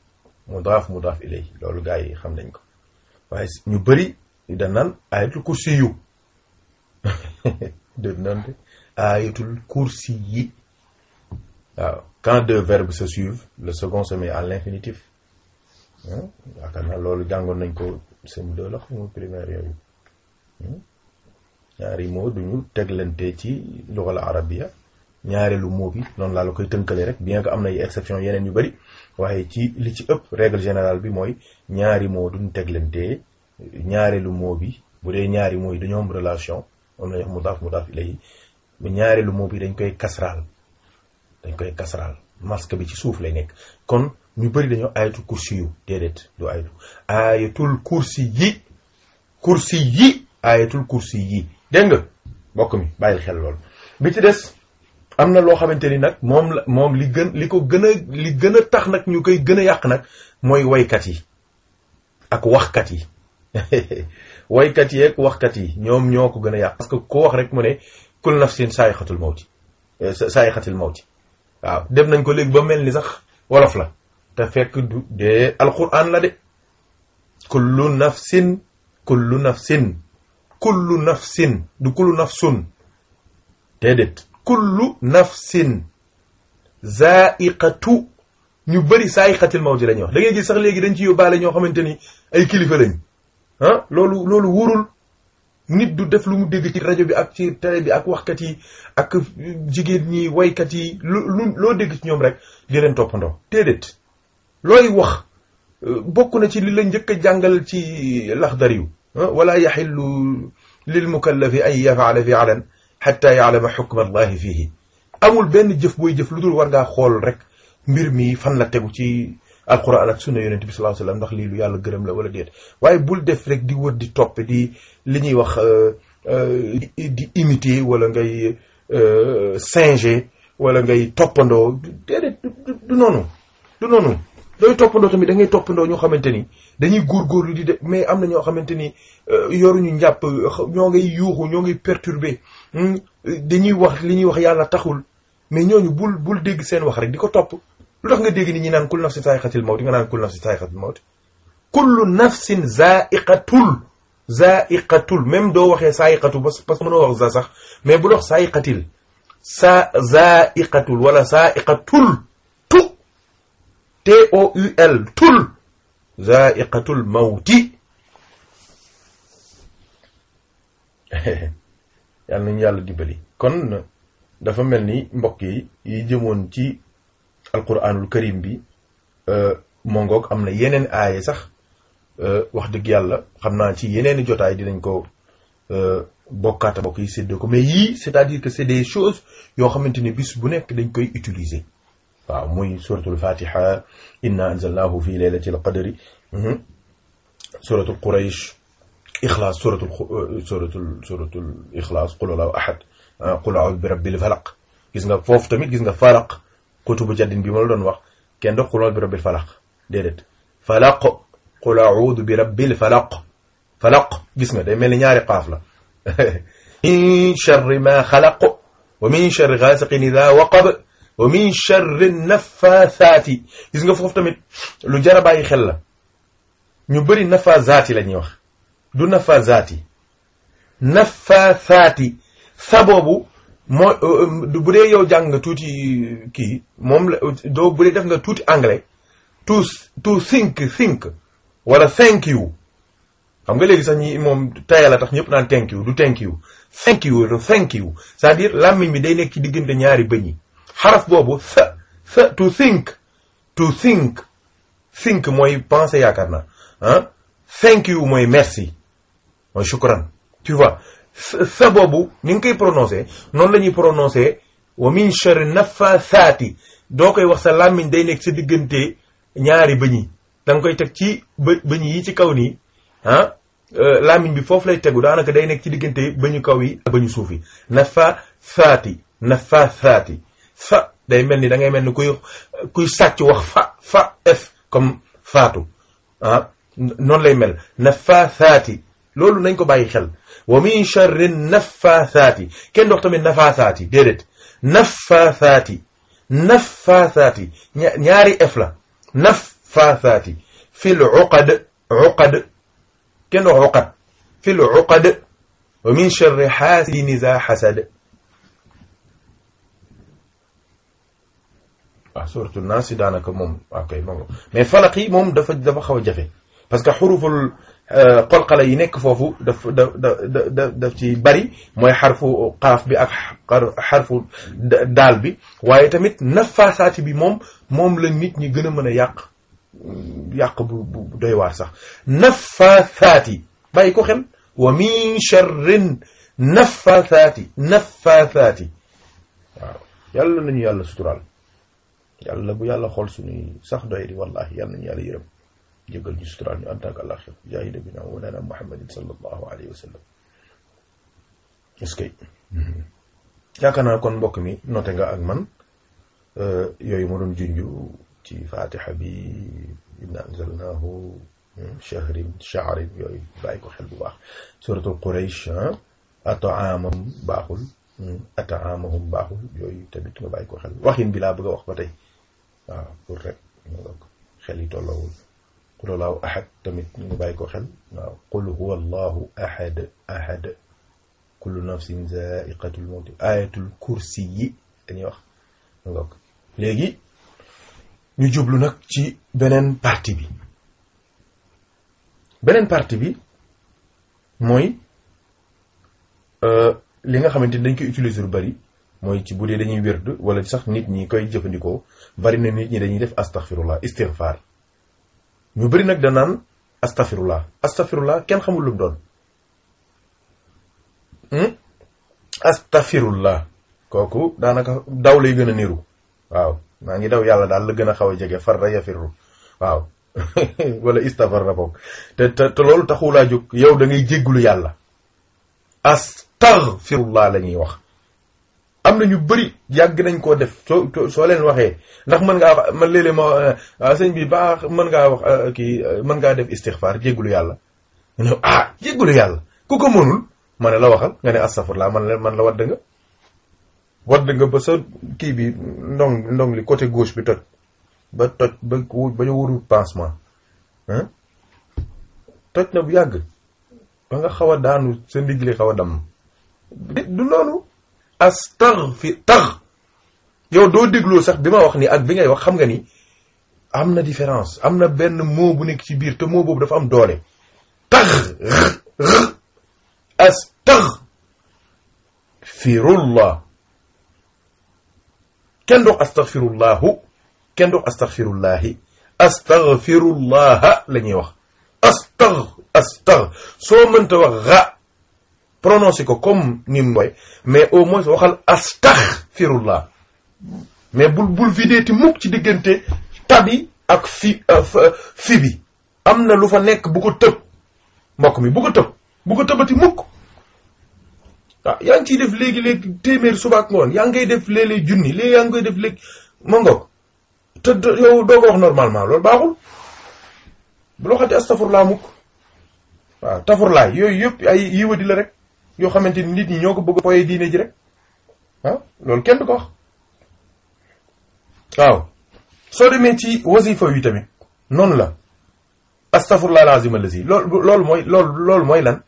mudaaf mudaaf ilay loolu gars yi xam nañ ko waaye ñu bëri da naan ayatul kursi yu de naan ayatul kursi yi waaw quand deux verbes se suivent le second se met à l'infinitif hmm? yaakaar loolu jàngoon nañ ko sem deux la xamu primaire yooyu hmm? ñaari moo duñu teglante ci lugal arabia ñaareelu moo bi noonu laa la koy tënkale rek bien que am na ay exception yeneen yu bëri waaye ci li ci ëpp règle générale bi mooy ñaari moo duñ teglante ñaareelu moo bi bu dee ñaari mooy dañoo am relation moom la ñuy wax mudaaf mudaaf ilayhi mais ñaareelu moo bi dañ koy kasraal dañ koy kasraal masque bi ci suuf lay nekk kon ñu bëri dañoo ayatul kursi yu déedéet du ayatu ayatul kursi yi kursi yi ayatul kursi dégg nga mbokk mi bàyyil xel lool bi ci des. am na loo xamante ni nag moom la moom li gën li ko gën a li gën a tax nag ñu koy gën a yàq nag mooy waykat yi ak waxkat yi waykat yi ak waxkat yi ñoom ñoo ko gën a yàq parce que ko wax rek mu ne kul nafsin saayixatul mawti eh, saayixatul mawti waaw dem nañ ko léegi ba mel ni sax wolof la te fekk du dee alquran la de kullu nafsin kullu nafsin kullu nafsin du kullu nafsun déedéet kullu nafsin zaiqatu ñu bëri zaiqatil mawti la ñuy wax da ngay gis sax léegi dañ ci yóbbaale ñoo xamante ni ay kilifa lañ ah loolu loolu wóorul nit du def lu mu dégg ci rajo bi ak ci télé bi ak waxkat yi ak jigéen ñi waykat yi lu lu loo dégg ci ñoom rek di leen toppandoo déedéet looy wax euh, bokk na ci li la njëkk a jàngal ci laxdar yu ah, wala yaxillu lil mukallafi an yafaala fi alan xatta yaalama xukma allahi fihi amul benn jëf booy jëf lu dul war ngaa xool rek mbir mi fan la tegu ci alquran ak sunna yonent bi sallallahu alayhi wasallam ndax lii lu yàlla gërëm la wala déet waaye bul def rek di wër di topp di li ñuy wax euh, euh, di imiter wala ngay euh, singer wala ngay toppandoo déedéet du noonu du noonu looy toppandoo tamit da ngay toppandoo ñoo xamante ni dañuy góorgóorlu di de mais am na ñoo xamante ni yoruñu njàpp ñoo ngay yuuxu ñoo ngay perturber Hmm? dañuy wax li ñuy yàlla taxul mais ñooñu bul bul dégg seen wax rek di ko topp lu nga dégg ni ñi naan kullu nafsin zaa'iqatul mawt nga naan kullu nafsin zaa'iqatul mawt kullu nafsin zaa'iqatul zaa'iqatul même doo waxee zaa'iqatu parce que mënoo wax za sax mais bul wax zaa'iqatil sa zaa'iqatul wala zaa'iqatul tu t o u yàlla nañu yàlla dimbali kon dafa mel ni mbokk yi yi jëmoon ci alquranul karim bi euh, mongoog am na yeneen aaye sax euh, wax dëgg yàlla xam naa ci yeneen i jotaay dinañ ko euh, bokkaata mbokk yi séddoo ko mais yii c'est-à-dire que c'est des choses yoo xamante ni bis bu nekk dañ koy utiliser waaw muy suratul fatiha inna anzalnahu fi laylatil qadri mm-hmm, suratul quraish Ixlaas suratul suratul suratul Ixlaas qul huwallahu ahad qul a'udhu bi rabbil falaq gis nga foofu tamit gis nga falaq kutubu jaddin bi ma la doon wax kenn dox qul a'udhu bi rabbil falaq déedéet falaq qul a'udhu bi rabbil falaq falaq gis nga day mel ni ñaari qaaf la min sharri ma xalaq wa min sharri gaasiqin idha waqab wa min sharri nafaasaati gis nga foofu tamit lu jar a bàyyi xel la ñu bëri nafaasaati la ñuy wax du nafazaati nafasaati sa boobu moo euh, euh, bu dee yow jàng nga tuuti euh, kii moom la doo bu dee def nga tuuti anglais to to think think wala thank you xam nga léegi sax ñi moom tayal a tax ñëpp naan thank you du thank you thank you du thank you cest dire làmmiñ mi day nekk ci diggante ñaari bëñ yi xaraf boobu sa sa to think to think think mooy penser yaakaar naa ah thank you mooy merci mooy shukran tu sa boobu ni nga koy prononcé noonu la ñuy prononcé wa min sharri saati doo koy wax sa làmmiñ day nekk si diggante ñaari bëñ danga koy teg ci bë bëñ yi ci kaw nii ah euh, làmmiñ bi foofu lay tegu daanaka day nekk ci diggante bëñu kaw yi ak bëñu suuf yi naffaathaati naffaathaati fa day mel ni da ngay mel ni kuy kuy sàcc wax fa fa f comme faatu ah noonu lay mel naffaathaati loolu nañ ko bàyyi xel wa min charri nafaathaati kenn dox tamit nafaathaati déedéet nafaathaati nafaathaati ñaari f la nafaathaati fi l uqad uqad kenn dox uqad fi l uqad wa min charri xaasidin za xasad waaw ah, suratul naas daanaka moom ok moom mais yi moom dafa dafa xaw a jafe parce que Euh, xolqala yi nekk foofu daf daf daf daf ci bari mooy xarfu qaaf bi ak xarfu daal bi waaye tamit nafaasaati bi moom moom la nit ñi gën a mën a yàq yàq bu bu doy waar sax nafaasaati bàyyi ko xel wa min sharrin nafaasaati nafaasaati waaw yàlla nañu yàlla suturaal yàlla bu yàlla xool suñuy sax doy di wallahi yàlla nañu yàlla yërëm jëgal ñu suturaal ñu àntaak àlaxir jaayi nabina wanana muhammadin sallallahu alayhi wa sallam est-ce que yaakaar naa kon mbokk mi noté nga ak man eh, yooyu ma doon junju ci fatiha bi inna anzalnahu shahrin shahrin yooyu bàyyi ko xel bu baax ah, baaxul hmm, ataamahum baaxul yooyu tamit nga bàyyi ko xel waxin bi laa wax ba tey waaw pour rek xel yi laaw ahad tamit ñu bàyyi ko xel waaw qul huwa allahu ahad ahad kullu nafsin zaiqatul mawti ayatul kursi yi dañuy wax ngok léegi ñu jublu nag ci beneen partie bi beneen partie bi mooy euh, li nga xamante ni dañ koy utiliser lu bari mooy ci bu dee dañuy wérd wala sax nit ñi koy jëfandikoo bari na nit ñi dañuy def astaghfirullah istighfar ñu bari nag danaan astafirullah astafirullah kenn xamul lu mu doon hmm? astafirullah kooku daanaka daw lay gën a niru waaw maa ngi daw yàlla daal la gën a xaw a jege farra yafiru waaw wala istafar na bokk te te te loolu taxulaa jóg yow dangay ngay jéggulu yàlla astaghfirullah la ñuy wax am na ñu bari yàgg nañ koo def soo soo leen waxee ndax mën ngaa wax man léeg-léeg ma euh, sëñ bi baax mën ngaa wax euh, kii euh, mën ngaa def istixfaar jéggulu yàlla ne ah jéggulu yàlla ku ko mënul ma ne la waxal nga ne astafurlaa man la man la wadd nga wadd ba sa kii bi ndong ndong li côté gauche bi toj ba toj ba ba ñu wuru pansement toj na bu yàgg ba nga xaw a daanu sa ndigli xaw a damm du loolu astaghfir tax yow doo dégloo sax bi ma wax ni ak bi ngay wax xam nga ni am na différence am na benn mot bu nekk ci biir te mot boobu dafa am doole tax astaghfirullah kenn dox astaghfirullahu kenn dox astaghfirullahi astaghfirullah la ñuy wax astagh astagh soo mënta wax ra prononcé ko comme ni mu mooy mais au moins waxal astaghfirullah mais bul bul videeti mukk ci diggante tabi ak fi euh, euh, fi bi am na lu fa nekk bu ko tëb mbokk mi bu ko tëb bu ko tëbati mukk waaw ah, yaa ngi ciy def léegi léegi téeméer suba ak ngoon yaa ngay def léeg-léeg junni léegi yaa ngi koy def léegi ma ngoog yow doo wax normalement loolu baaxul bu loo astafurlaa mukk waaw tafurlaay yooyu yëpp ay yiwadi la rek yoo xamante ni nit ñi ñoo ko bëgg a foyee diine ji rek ah, kenn ko wax waaw soo demee ci wasifa yi tamit noonu la astafurlah alazim alazi loolu loolu mooy loolu loolu mooy lan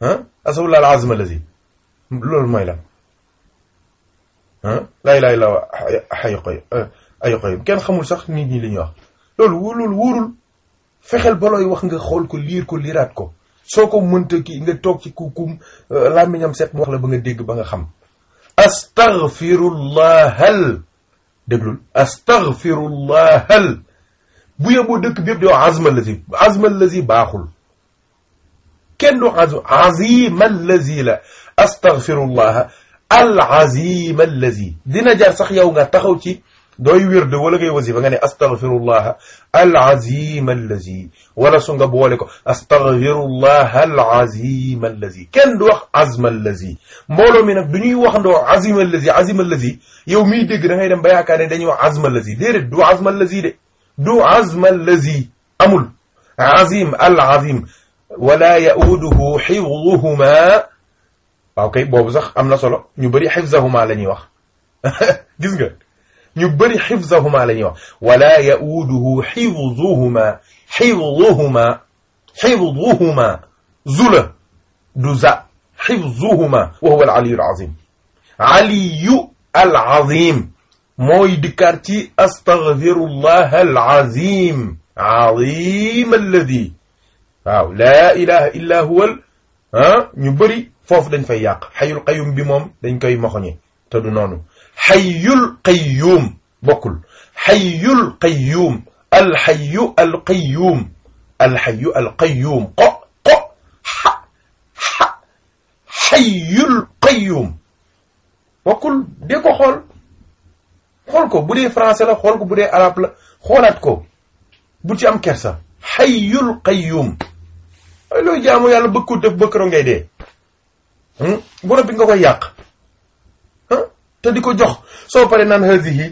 ah astafurlah alazim loolu mooy lan ah laa ilaaha illa ah, hayyu qayyum kenn xamul sax nit ñi li ñuy wax loolu loolu wóorul fexeel ba looy wax nga xool ko liir ko liiraat ko soo ko mënta kii nga toog ci kukum euh, làmmiñam set mu wax la ba nga dégg ba nga xam astaghfirullahal déglul astaghfirullahal bu yóbboo dëkk bi yëpp di wax azmal lazi azmal lazi baaxul kenn du wax azimal lazi la astaghfirullah al azimal lazi dina jaar sax yow nga taxaw ci dooy wirde wala ngay wasifa nga ne astaghfirullah al azim allazi wala su nga boole ko astaghfirullah al azim allazi kenn du wax azim allazi mbooloo mi nag du ñuy wax ndoo azim allazi azim allazi yow miy dégg da ngay dem ba yaakaar ne dañuy wax azim allazi déedéet du azim allazi de du azim allazi amul azim al azim wala yauduhu xifduhuma waaw kay boobu sax am na solo ñu bëri xifzahuma la ñuy wax gis nga ñu bëri xifzahuma la ñuy wax wala yauduhu xifzuhuma xifzuhuma xifzuhuma zula du za xifzuhuma wa huwa alaliyu alazim aliyu alazim mooy dikkaar ci astaghfirullah alazim azim alladi waaw la ilaha illa huwa ah ñu bëri foofu dañ fay yàq xayul qayum bi moom dañ koy moxoñe te du noonu xayyul qayyuum bokkul xayyul qayyuum alxayyu alqayyuum alxayyu alqayyuum qo qo xa xa xayyul qayyuum bokkul de ko xool xool ko bu dee français la xool ko bu dee arabe la xoolaat ko bu ci am kersa xayyul qayyuum ay looy jaamu yàlla bëgg ko def bëkkaro ngay dee hmm? bu noppi nga koy yàq te di ko jox soo paree naan hadihi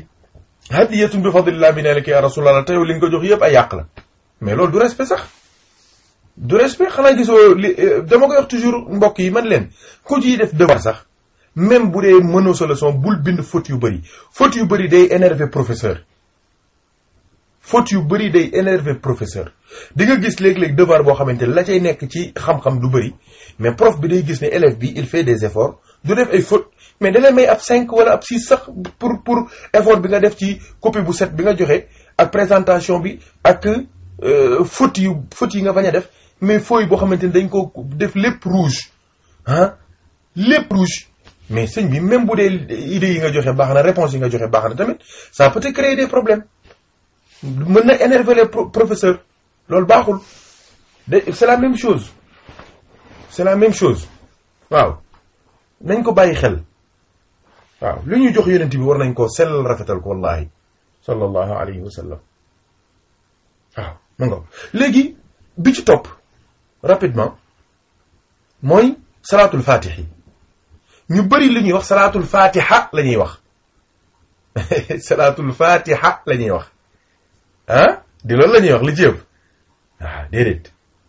hadiyatun bi fadlillah bi neleke ya rasulallah te yow li nga ko jox yëpp a yàq la mais loolu du respect sax du respect xanaa gisoo euh, dama koy wax toujours mbokk yi man leen ku ciy def devoir sax même bu dee mënoo sa bul bind faute yu bëri faute yu bëri day énerver professeur faute yu bëri day énerver professeur di nga gis léegi léeg devoir boo xamante la cay nekk ci xam-xam du bëri mais prof bi day gis ne élève bi il des efforts mais da lay may ab cinq wala ab 6 sax pour pour effort bi nga def ci copie bu set bi nga joxe ak présentation bi ak euh, fautes yu fautes yi nga bañ a def mais fooy boo xamante ni dañ ko def lépp rouge ah lépp rouge mais sëñ bi même bu dee idées yi nga joxe baax na réponse yi nga joxe baax na tamit ça peut te créer des problèmes mën na énerver professeur loolu baaxul de c'est la même chose c'est la même chose waaw nañ ko bàyyi xel waaw li ñu jox yonent bi war nañ koo sellal rafetal ko wallahi sallallahu alayhi wa sallam waaw ma nga léegi bi ci topp rapidement mooy salaatul fatix yi ñu bëri li ñuy wax salaatul fatiha la ñuy wax salaatul fatiha la ñuy wax ah, di loolu la ñuy wax li ci ëpp waaw ah, déedéet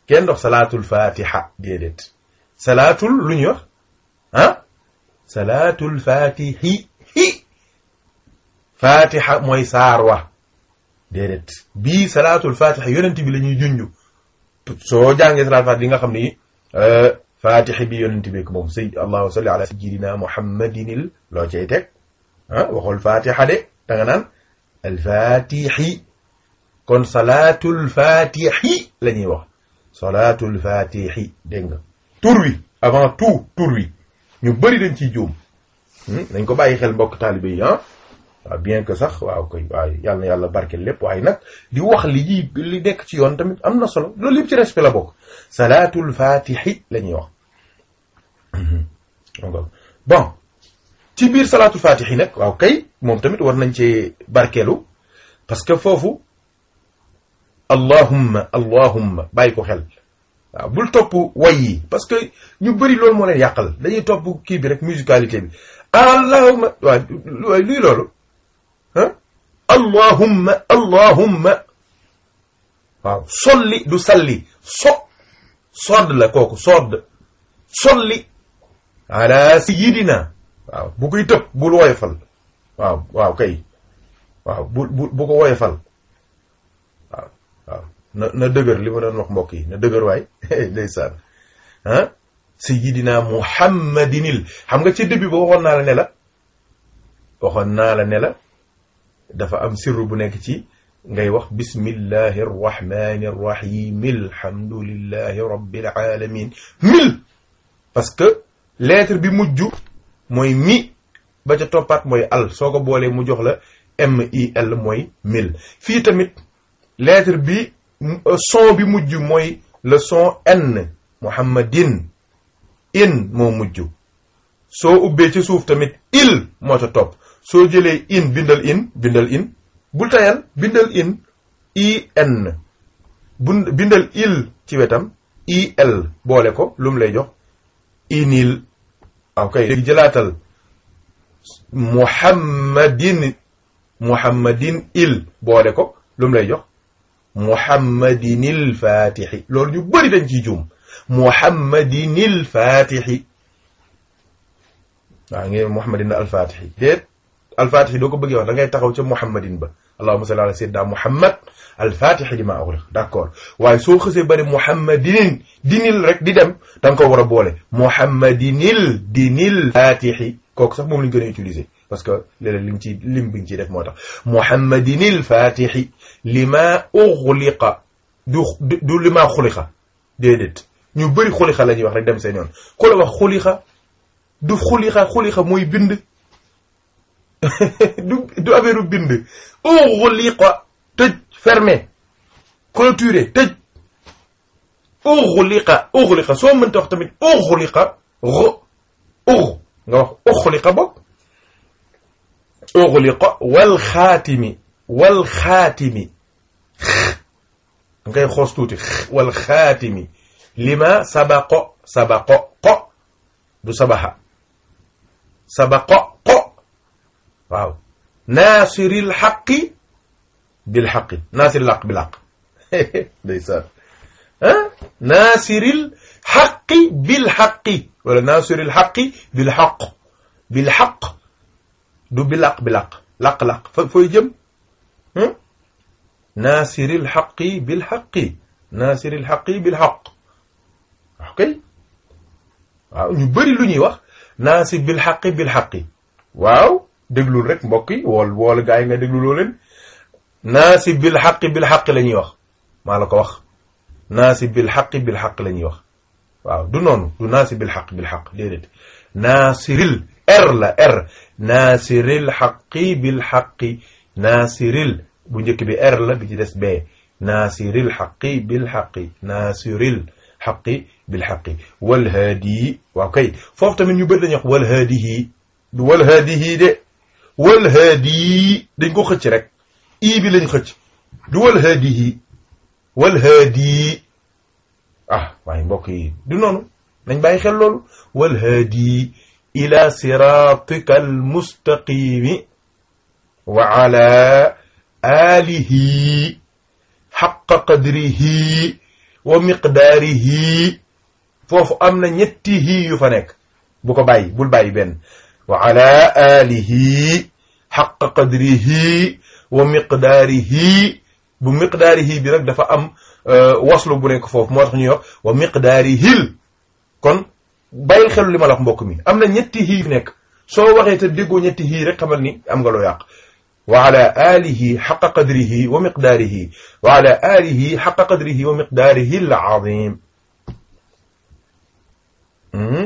kenn dox salaatul fatiha déedéet salaatul lu ñuy wax ah salaatul faatihi hi faatiha mooy saar wa déedéet bii salaatul faatiha yonent bi la ñuy junj soo jàngee salaatul faatiha di nga xam ni euh, faatiha bi yonent bi moom sëy allahumma salli ala sayyidina muhammadinil loo cay teg ah waxul faatiha de da nga naan al faatihi kon salaatul faatihi la ñuy wax salaatul faatihi dégg nga tur wi avant tout tur wi. ñu bëri dañ ci juum hmm? nañ ko bàyyi xel mbokk taalibe yi ah. bien que sax waaw koy waaw yàlla na yàlla barkeel lépp waaye nag di wax li ji li nekk ci yoon tamit am na solo loolu yëpp ci respect bokk salaatul faatixi la ñuy wax hmm. bon ci biir salaatul faatixi nag waaw kay moom tamit war nañ cee barkeelu parce que foofu allahumma allahumma bàyyi ko xel waaw bul topp way yi parce que ñu bëri loolu moo leen yàqal dañuy topp kii bi rek musicalité bi allahumma waaw luy loolu ah allahumma allahumma waaw solli du salli so sodd la kooku sodd solli ala sayidina waaw bu koy tëb bul woyofal waaw waaw kay waaw bu bu bu ko woyofal na na dëgër li ma doon wax mbokk yi na dëgër waay ndeysaan ah sayidina muhammadinil xam nga ci début ba waxoon naa la ne la waxoon naa la ne la dafa am sirru bu nekk ci ngay wax bismillahi arrahmani arrahim alhamdulillahi rabbil alamin mil parce que lettre bi mujj mooy mi ba ca toppaat mooy al soo ko boolee mu jox la mil mooy mil fii tamit lettre bi Euh, son bi mujj mooy le son n muhammadin in moo mujj soo ubbee ci suuf tamit il moo ca topp soo jëlee inn bindal in bindal in bul tayal bindal in i n bu bindal il ci wetam i l boole ko lum lay jox inil ah, ok léegi jëlaatal muhammadin muhammadin il boole ko lu lay jox muhammadinil faatixi loolu ñu bëri dañ ciy juum muhammadinil faatixi waaw ngeen muhammadin alfaatixi déet alfaatixi doo ko bëggee wax da ngay taxaw ca muhammadin ba allahuma salli ala sayyidina muhammad alfaatixi li ma ughliq d' accord waaye soo xësee bëri muhammadinin dinil rek di dem da nga ko war a boole muhammadinil dinil faatixi kooku sax moom lañ gën a utiliser parce que léeg-léeg lim ci ciy def moo tax muhammadinil fatixi lima uxliqa du lima xulixa déedéet ñu bëri xulixa la ñuy wax rek dem seen yoon ku la wax xulixa du xulixa xulixa mooy bind du du bind uxliqa tëj fermé clôturé tëj uxliqa uxliqa soo mënta wax tamit uxliqa ro ur nga uxliqa wal xaatimi wal xaatimi ngay xoos tuuti wal xaatimi lima sabaqo sabaqo qo du sabaxa sabaqo qo waaw naasiril xaqi bil xaqi naasiril xaq bil xaq ndeysaan ah naasiril xaqi bil xaqi wala naasiril xaqi bil xaq bil xaq du bi làq bi làq làq-làq fa fooy jëm hmm? naasiril xaqi bil xaqi naasiril xaqi bil xaq ok waaw ñu bëri lu ñuy wax naasir bil xaqi bil xaqi waaw déglul rek mbokk yi wool wool gaa yi nga déglu loo leen naasir bil xaqi bil xaqi la ñuy wax maa la ko wax naasir bil xaqi bil xaq la ñuy wax waaw du noonu du naasir bil xaq bil xaq déedéet naasiril r la r naasiril xaqi bil xaqi bu njëkk bi r la bi ci des bee naasiril xaqi bil xaqi naasiril xaqi bil xaqi wal haadiyi waaw kay foofu tamit ñu bëri dañuy wax wal haadiyi du wal haadiyi dañ ko xëcc rek i bi lañ xëcc du wal haadiyi ah waaye mbokk yi du noonu nañ bàyyi xel wal haadiyi ila siratika almustaqimi wa ala alihi xaqa qadrihi wa miqdaarihi foofu am na ñetti hii yu fa nekk bu ko bàyyi bul bàyyi benn wa ala alihi xaqa qadrihi wa miqdaarihi bu miqdaarihi bi nag dafa am euh, waslu bu nekk foofu moo tax ñuy wax wa miqdaarihil kon bàyyi xelu li ma la wax mbokk mi am na ñetti xii nekk soo waxee te déggoo ñetti xii rek xamal ni am nga loo yàq wa ala alihi xaqa qadrihi wa miqdaarihi wa ala alihi xaqa qadrihi wa miqdaarihi al azim hmm?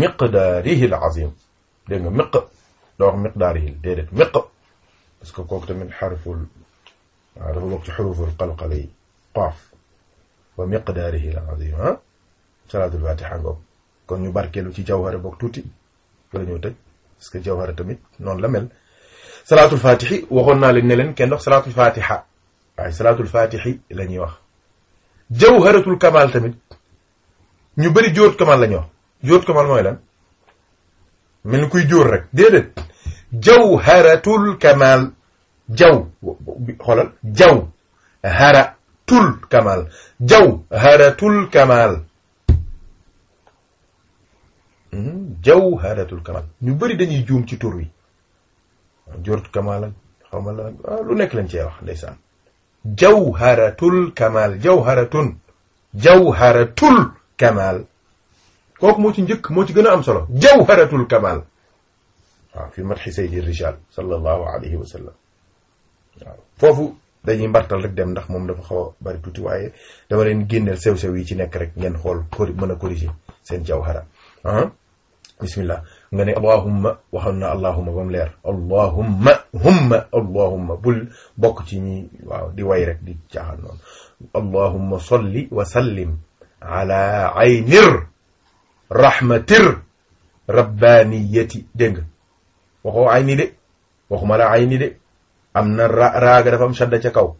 miqdaarihi al azim dégg nga miq doo wax miqdaarihi déedéet miq parce que kooku tamit xarful waaw dafa bokk ci xuruful qalqala yi qaaf wa miqdaarihi al azim ah salaatul fatiha ngoog kon ñu barkeelu ci jawhara boog tuuti bala ñoo tëj parce que jawhara tamit noonu la mel salaatul fatixi waxoon naa leen ne leen kenn dox salaatul fatixa waaye salaatul fatixi la ñuy wax jawharatul tamit ñu bëri jóot la ñuy wax jóot kamal mooy lan mel ni kuy jóor rek déedéet jawharatul kamal jaw xoolal jaw haratul Mhm. jawharatul kamal ñu bari dañuy juum ci tur yi jortu kamal xaw ma la ah, lu nekk lañ cee wax ndeysaan jawharatul kamal jawharatun jawharatul kamal kooku moo ci njëkk moo ci gën a am solo jawharatul kamal waaw fi madxi saydi rijal sallallahu alayhi wa sallam waaw foofu dañuy mbartal rek dem ndax moom dafa xaw a bari tuuti waaye dama leen génneel sew-sew yi ci nekk rek ngeen xool mën a corriger seen jawhara ah? bismillah nga ne allahumma waxoon na mu leer allahumma humma allahumma bul bokk ci ñi waaw di way rek di caaxaan noonu allahumma salli wa sallim ala aynir rahmatir rabbaniyati la ayni de am na ra raaga dafa am shadda ca kaw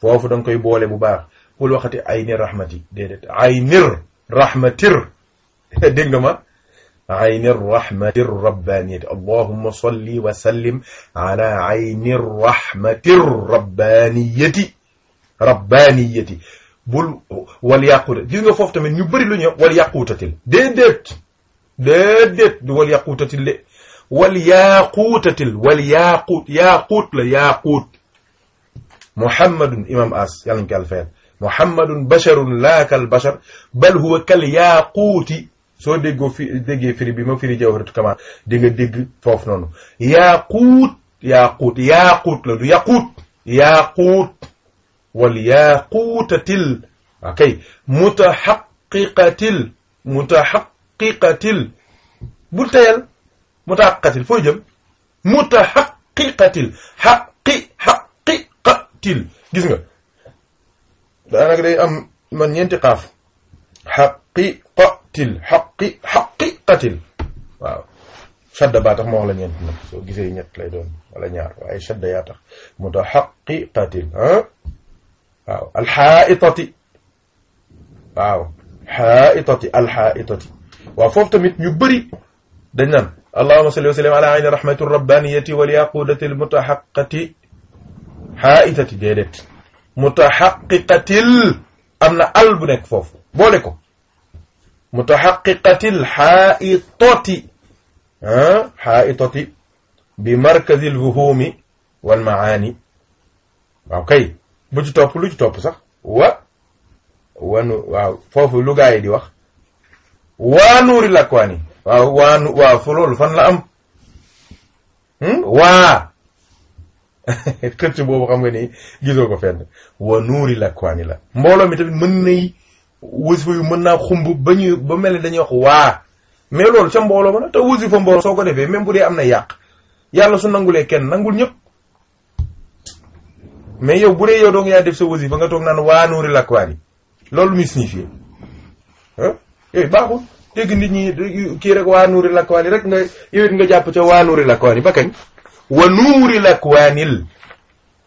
foofu danga koy boole bu baax bul waxati aynir rahmati déedéet aynir rahmatir dégg nga ma عين الرحمة الربانية اللهم صل وسلم على عين الرحمة الربانية ربانية bul wal yàquuta gis nga foofu tamit ñu bëri lu ñu wal yàquutatil déedéet déedéet du wal yàquutatil de wal yaaquutatil wal yaaquut yaaquut la yaaquut muhammadun imam as yàlla ñu ko yàlla fayal muhammadun basharun laa kal bashar bal huwa kal yaaquuti soo déggoo fi déggee firi bi ma firi jawharatu kamal di nga dégg foofu noonu yaaquut yaaquut yaaquut la du yaquut yaaquut wal yaaquutatil akay mutaxaqiqatil mutaxaqiqatil bu teyal mutaxaqiqatil foo jëm mutaxaqiqatil xaqi xaqiqatil gis nga daanaka day am man ñeenti xaaf xaq xaqiqatin xaqi xaqiqatin waaw shadda baa tax moo wax la ñeent nag soo gisee ñett lay doon wala ñaar waaye shadda yaa tax mu tax xaqiqatin ah waaw alxaaitati waaw xaaitati alxaaitati waaw foofu tamit ñu bëri dañ naan allahuma salli wa sallim ala ayni rahmati rabbaniyati wal yaqudati al mutaxaqati xaaitati déedéet mutaxaqiqatil am na al bu nekk foofu boole ko mutaxaqiqati lxaaitoti ah xaaitoti bi markazi lwuhumi walmaani waaw kay bu ci topp lu ci topp sax wa wanu waaw foofu lu gaa yi di wax waa nuuril akwaani waaw waanu waaw fu loolu fan la am hmm? waa xëcc boobu xam nga ni gisoo ko fenn wa nuuril akwaani la mbooloo mi tamit mën nay wasifa yu mën naa xumb ba ñuy ba mel ni dañuy wax waa mais loolu ca mbooloo ma la te wasifa mbooloo soo ko defee même bu dee am na yàq yàlla su nangulee kenn nangul ñëpp mais yow bu dee yow doo nga yaa def sa wasifa nga toog naan waa nuuri lakwaani loolu muy signifié ah eh, yooyu baaxul dégg nit ñi kii rek waa nuuri lakwaani rek nga yow it jàpp ca waa nuuri lakwaani ba kañ wa nuuri lakwaanil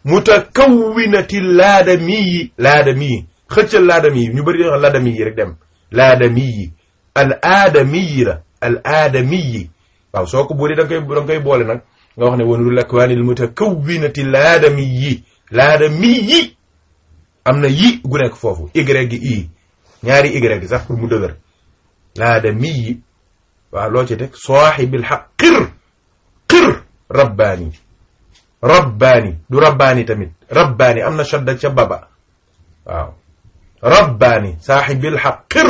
mutakawwinati laadamiyi laadamiyi xëccal laadami yi ñu bëri di wax laadami yi rek dem laadami yi al aadami yi la al aadami yi waaw soo ko buuree da boole nag nga wax ne wanul akwaanil mutakawwinati laadami yi laadami yi am na yi gu nekk foofu Y gi i ñaari Y sax pour mu dëgër laadami waaw loo ci teg saaxibil xaq xir xir rabbaani rabbaani du rabbaani tamit rabbaani am na shadda ca baba waaw rabbaani saaxibil xaqir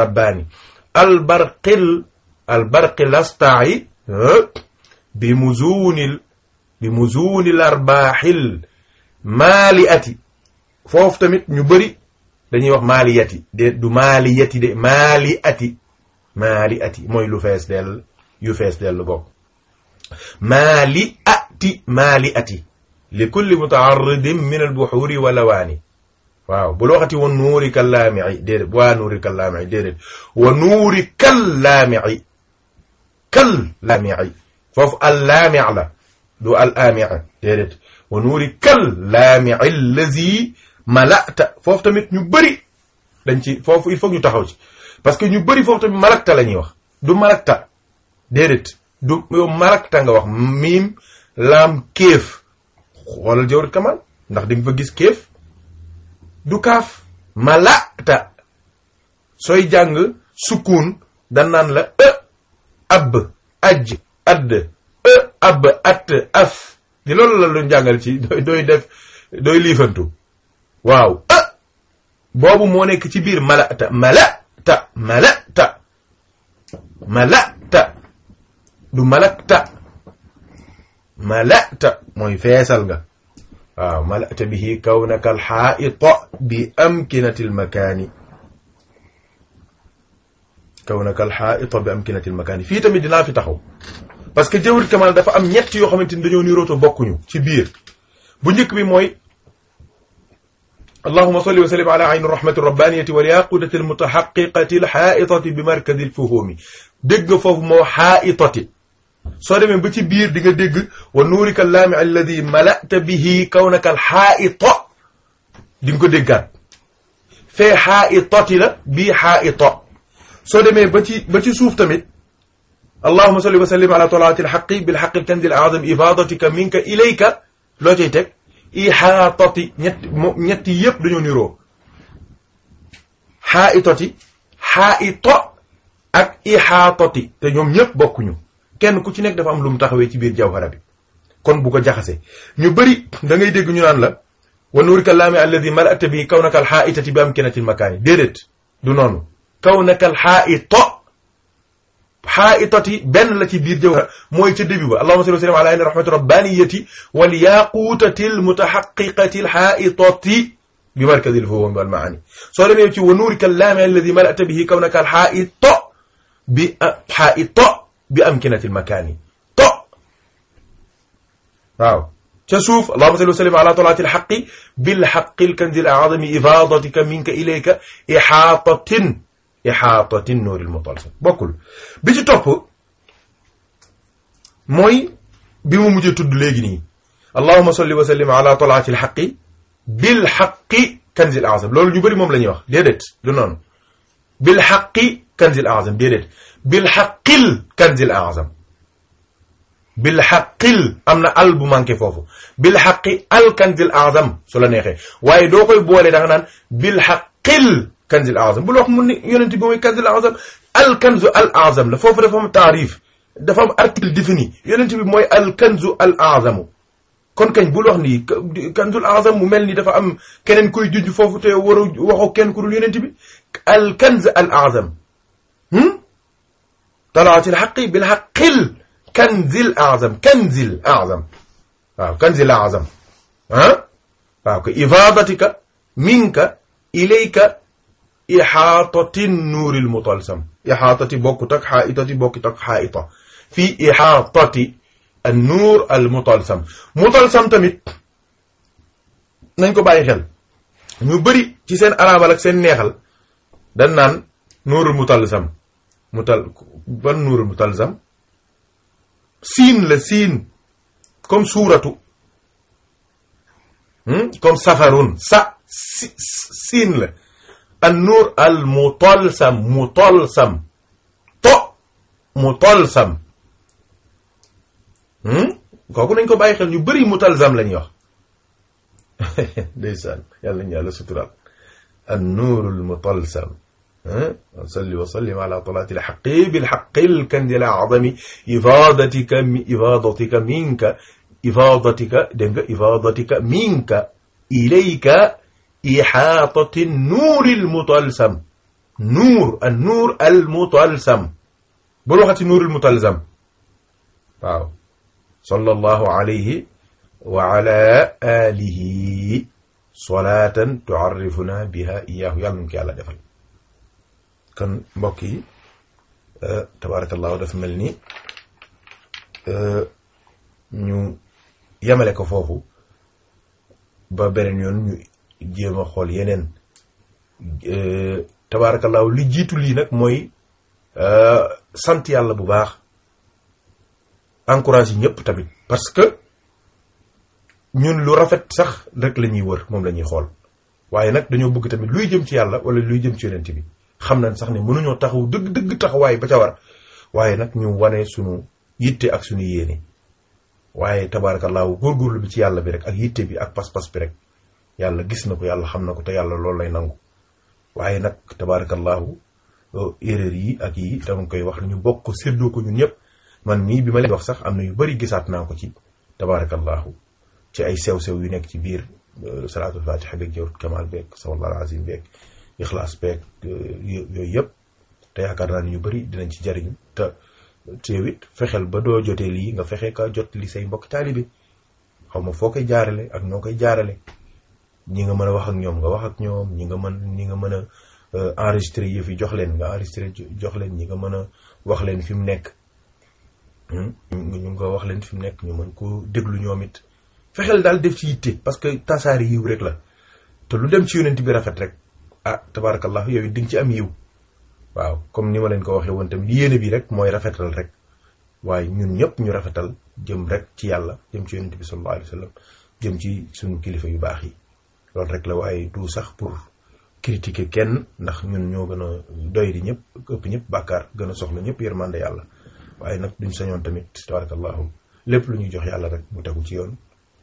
rabbaani albarqil albarqil astaayi e, bi muzuunil bi muzuunil arbaaxil maaliati foofu tamit ñu bëri dañuy wax maaliyati de du maaliyati de maaliati maaliati mooy lu fees dell yu fees dell bokk maaliati maaliati li kulli mutaaridin min albuxuuri wa lawaani waaw bul waxati wa nuuri kal laami'i waa nuuri kal laami'i déedéet nuuri kal laami'i kal laami'i foofu al laami' la du al aami' déedéet wa nuuri kal laami'i allazi malata foofu tamit ñu bëri dañ ci foofu il faut que ñu bëri foofu tamit malakta ñuy wax du malakta déedéet jawrit kamal ndax di nga gis kéef du kaaf malata sooy jàng sukkuun dan la e ab ajj add e ab at af di loolu la lu jàngal ci doy doy def doy liifantu waaw e boobu moo nekk ci biir malata malata malata du malata malata mooy feesal nga waaw malata bihi kawnaka alxaita bi amkinati almakaani kawnaka alxaita bi amkinati almakaani fii tamit dinaa fi taxaw parce que jawharatul kamaal dafa am ñett yoo xamante ni dañoo nirooto bokkuñu ci biir bu njëkk bi mooy allahuma salli wa sallim ala ayni rahmati rabbaniyati wal yaqudati almutahaqiqati alxaitati bi markadi alfuhumi dégg nga foofu moo xaitati soo demee ba ci biir di nga dégg wa nuurika allaami alladi malata bihi kawnaka al xaaito di nga ko déggaat fee xaaitoti la bii xaaito soo demee ba ci ba ci suuf tamit allahuma salli wa sallim ala tolaati alxaqi bilxaqi alkandi alazam ifaadatika minka ilayka loo cay teg ixaatoti ñetti ñetti yépp dañoo niroo xaaitoti xaaito ak ixaatoti te ñoom ñëpp bokkuñu kenn ku ci nekk dafa am lu mu taxawee ci biir jawhara bi kon bu ko jaxase ñu bëri da ngay dégg ñu naan la wa nuurika allaami alladi malata bi kawnaka alxaaitati bi amkinati almakaani déedéet du noonu kawnaka alxaaita xaitati benn la ci biir jawhara mooy ca début ba allahuma salli wa sallam ala ayni rahmati rabbaniyati wal yaquutati almutaxaqiqati alxaitati bi markadi alfuhum wal maani soo demee ci wa nuurika allaami alladi malata bihi kawnaka alxaaita bi xaaita bi amkinati lmakaani to waaw ca suuf allahuma salli wa sallim ala talaati lxaqi bilxaqi lkanzi alazami ifaadatika minka ilayka ixaatatin ixaatatin nuuri lmutalsam bokkul bi ci topp mooy bi mu mujjee tudd léegi nii allahuma salli wa sallim ala talaati lxaqi bilxaqi kanzi alazam loolu ñu bëri moom la ñuy wax déedéet du noonu bilxaqi kanzi alazam déedéet bil xaqil kanzil azam bil xaqil am na al bu manqué foofu bil xaqi al kanzil azam su la neexee waaye doo koy boole da nga naan bil xaqil kanzil azam bu loo wax mu ne yonent bi mooy kanzil azam al kanzu al azam la foofu dafa am taarif dafa am article défini yonent bi mooy al kanzu al azamu kon kañ bul wax nii kanzul azam mu mel ni dafa am keneen kuy junj foofu te war a waxoo kenn ku dul yonent bi al kanz al azam. Hmm? طلعت الحق بالحق الكنز الأعظم كنز الأعظم waaw كنز الأعظم ah waaw ko إفاضتك منك إليك إحاطة النور المطلسم إحاطة bokkut ak حائطة bokkut ak حائطة في إحاطة النور المطلسم مطلسم tamit nañ ko bàyyi xel ñu bari ci seen arabal ak seen neexal dañ naan nuurul mutalsam mu tal ban nuuru mu talzam siin la siin comme suuratu hmm? comme safarun sa si siin la nuur al mutalsam mutalsam to mutalsam hmm? kooku nañ ko bàyyi xel ñu bëri mutalzam lañuy wax ndeysaan yàlla ñu yàlla suturaal an nuurul mutalsam salli wa sallim ala talaati lxaqi bilxaqi lkandi la adami ifadatika ifadatika minka ifadatika dégg nga ifadatika minka ilayka ixaatati nuuri almutalsam nuur an nuur almutalsam bul waxati nuur almutalsam waaw sallallahu alayhi wa ala alihi salaatan tuarrifuna biha iyaahu yàlla nañ ko yàlla defal kon mbokk yi euh, tabaarakallaahu dafa mel ni euh, ñu yemale ko foofu ba beneen yoon ñu jéem a xool yeneen euh, tabaarakallaahu li jiitu lii nag mooy sant yàlla bu baax encourage yi ñëpp tamit parce que ñun lu rafet sax rek la ñuy wër moom la ñuy xool waaye nag dañoo bugg tamit luy jëm ci yàlla wala luy jëm ci yonent bi xam nañ sax ne mënuñoo taxaw dëgg dëgg taxawaay ba ca war waaye nag ñu wane suñu yitte ak suñu yéene waaye tabaarakallaahu góorgóorlu bi ci yàlla bi rek ak yitte bi ak pas-pas bi rek yàlla gis na ko yàlla xam na ko te yàlla loolu lay nangu waaye nag tabaarakallaahu erreur yi ak yi dama koy wax ñu bokk séddoo ko ñun ñëpp man mii bi ma leen wax sax am na yu bari gisaat naa ko ci tabaarakallaahu ci ay sew-sew yu nekk ci biir e, salaatul fatiha ixlaas beeg euh, yooyu yëpp te yaakaar naa ni ñu bëri dinañ ci jariñ te teew it fexeel ba doo jotee lii nga fexe ka jot li say mbokk taalibe xaw ma foo koy jaarale ak noo koy jaarale ñi nga mën a wax ak ñoom nga wax ak ñoom ñi nga mën ñi nga mën a euh, enregistré yëf fi jox leen nga enregistré jox leen ñi nga mën a wax leen fi mu nekk hmm? ñu nga wax leen fi mu nekk ñu mën ko déglu ñoom it fexeel daal def ci yitte parce que tasaari yiw rek la te lu dem ci yonent bi rafet rek ah tabaarakallahu yooyu di nga ci am yiw waaw comme ni ma leen ko waxee woon tamit yéene bi rek mooy rafetal rek waaye ñun ñëpp ñu rafetal jëm rek ci yàlla jëm ci yonent bi sallallahu alayhi wa jëm ci suñu kilifa yu baax yi loolu rek la waaye du sax pour critiquer kenn ndax ñun ñoo gën a doy ñëpp ëpp ñëpp bàkkaar gën a soxla ñëpp yërmande yàlla waaye nag duñ sañoon tamit tabaarakallahu lépp lu ñuy jox yàlla rek mu tegu ci yoon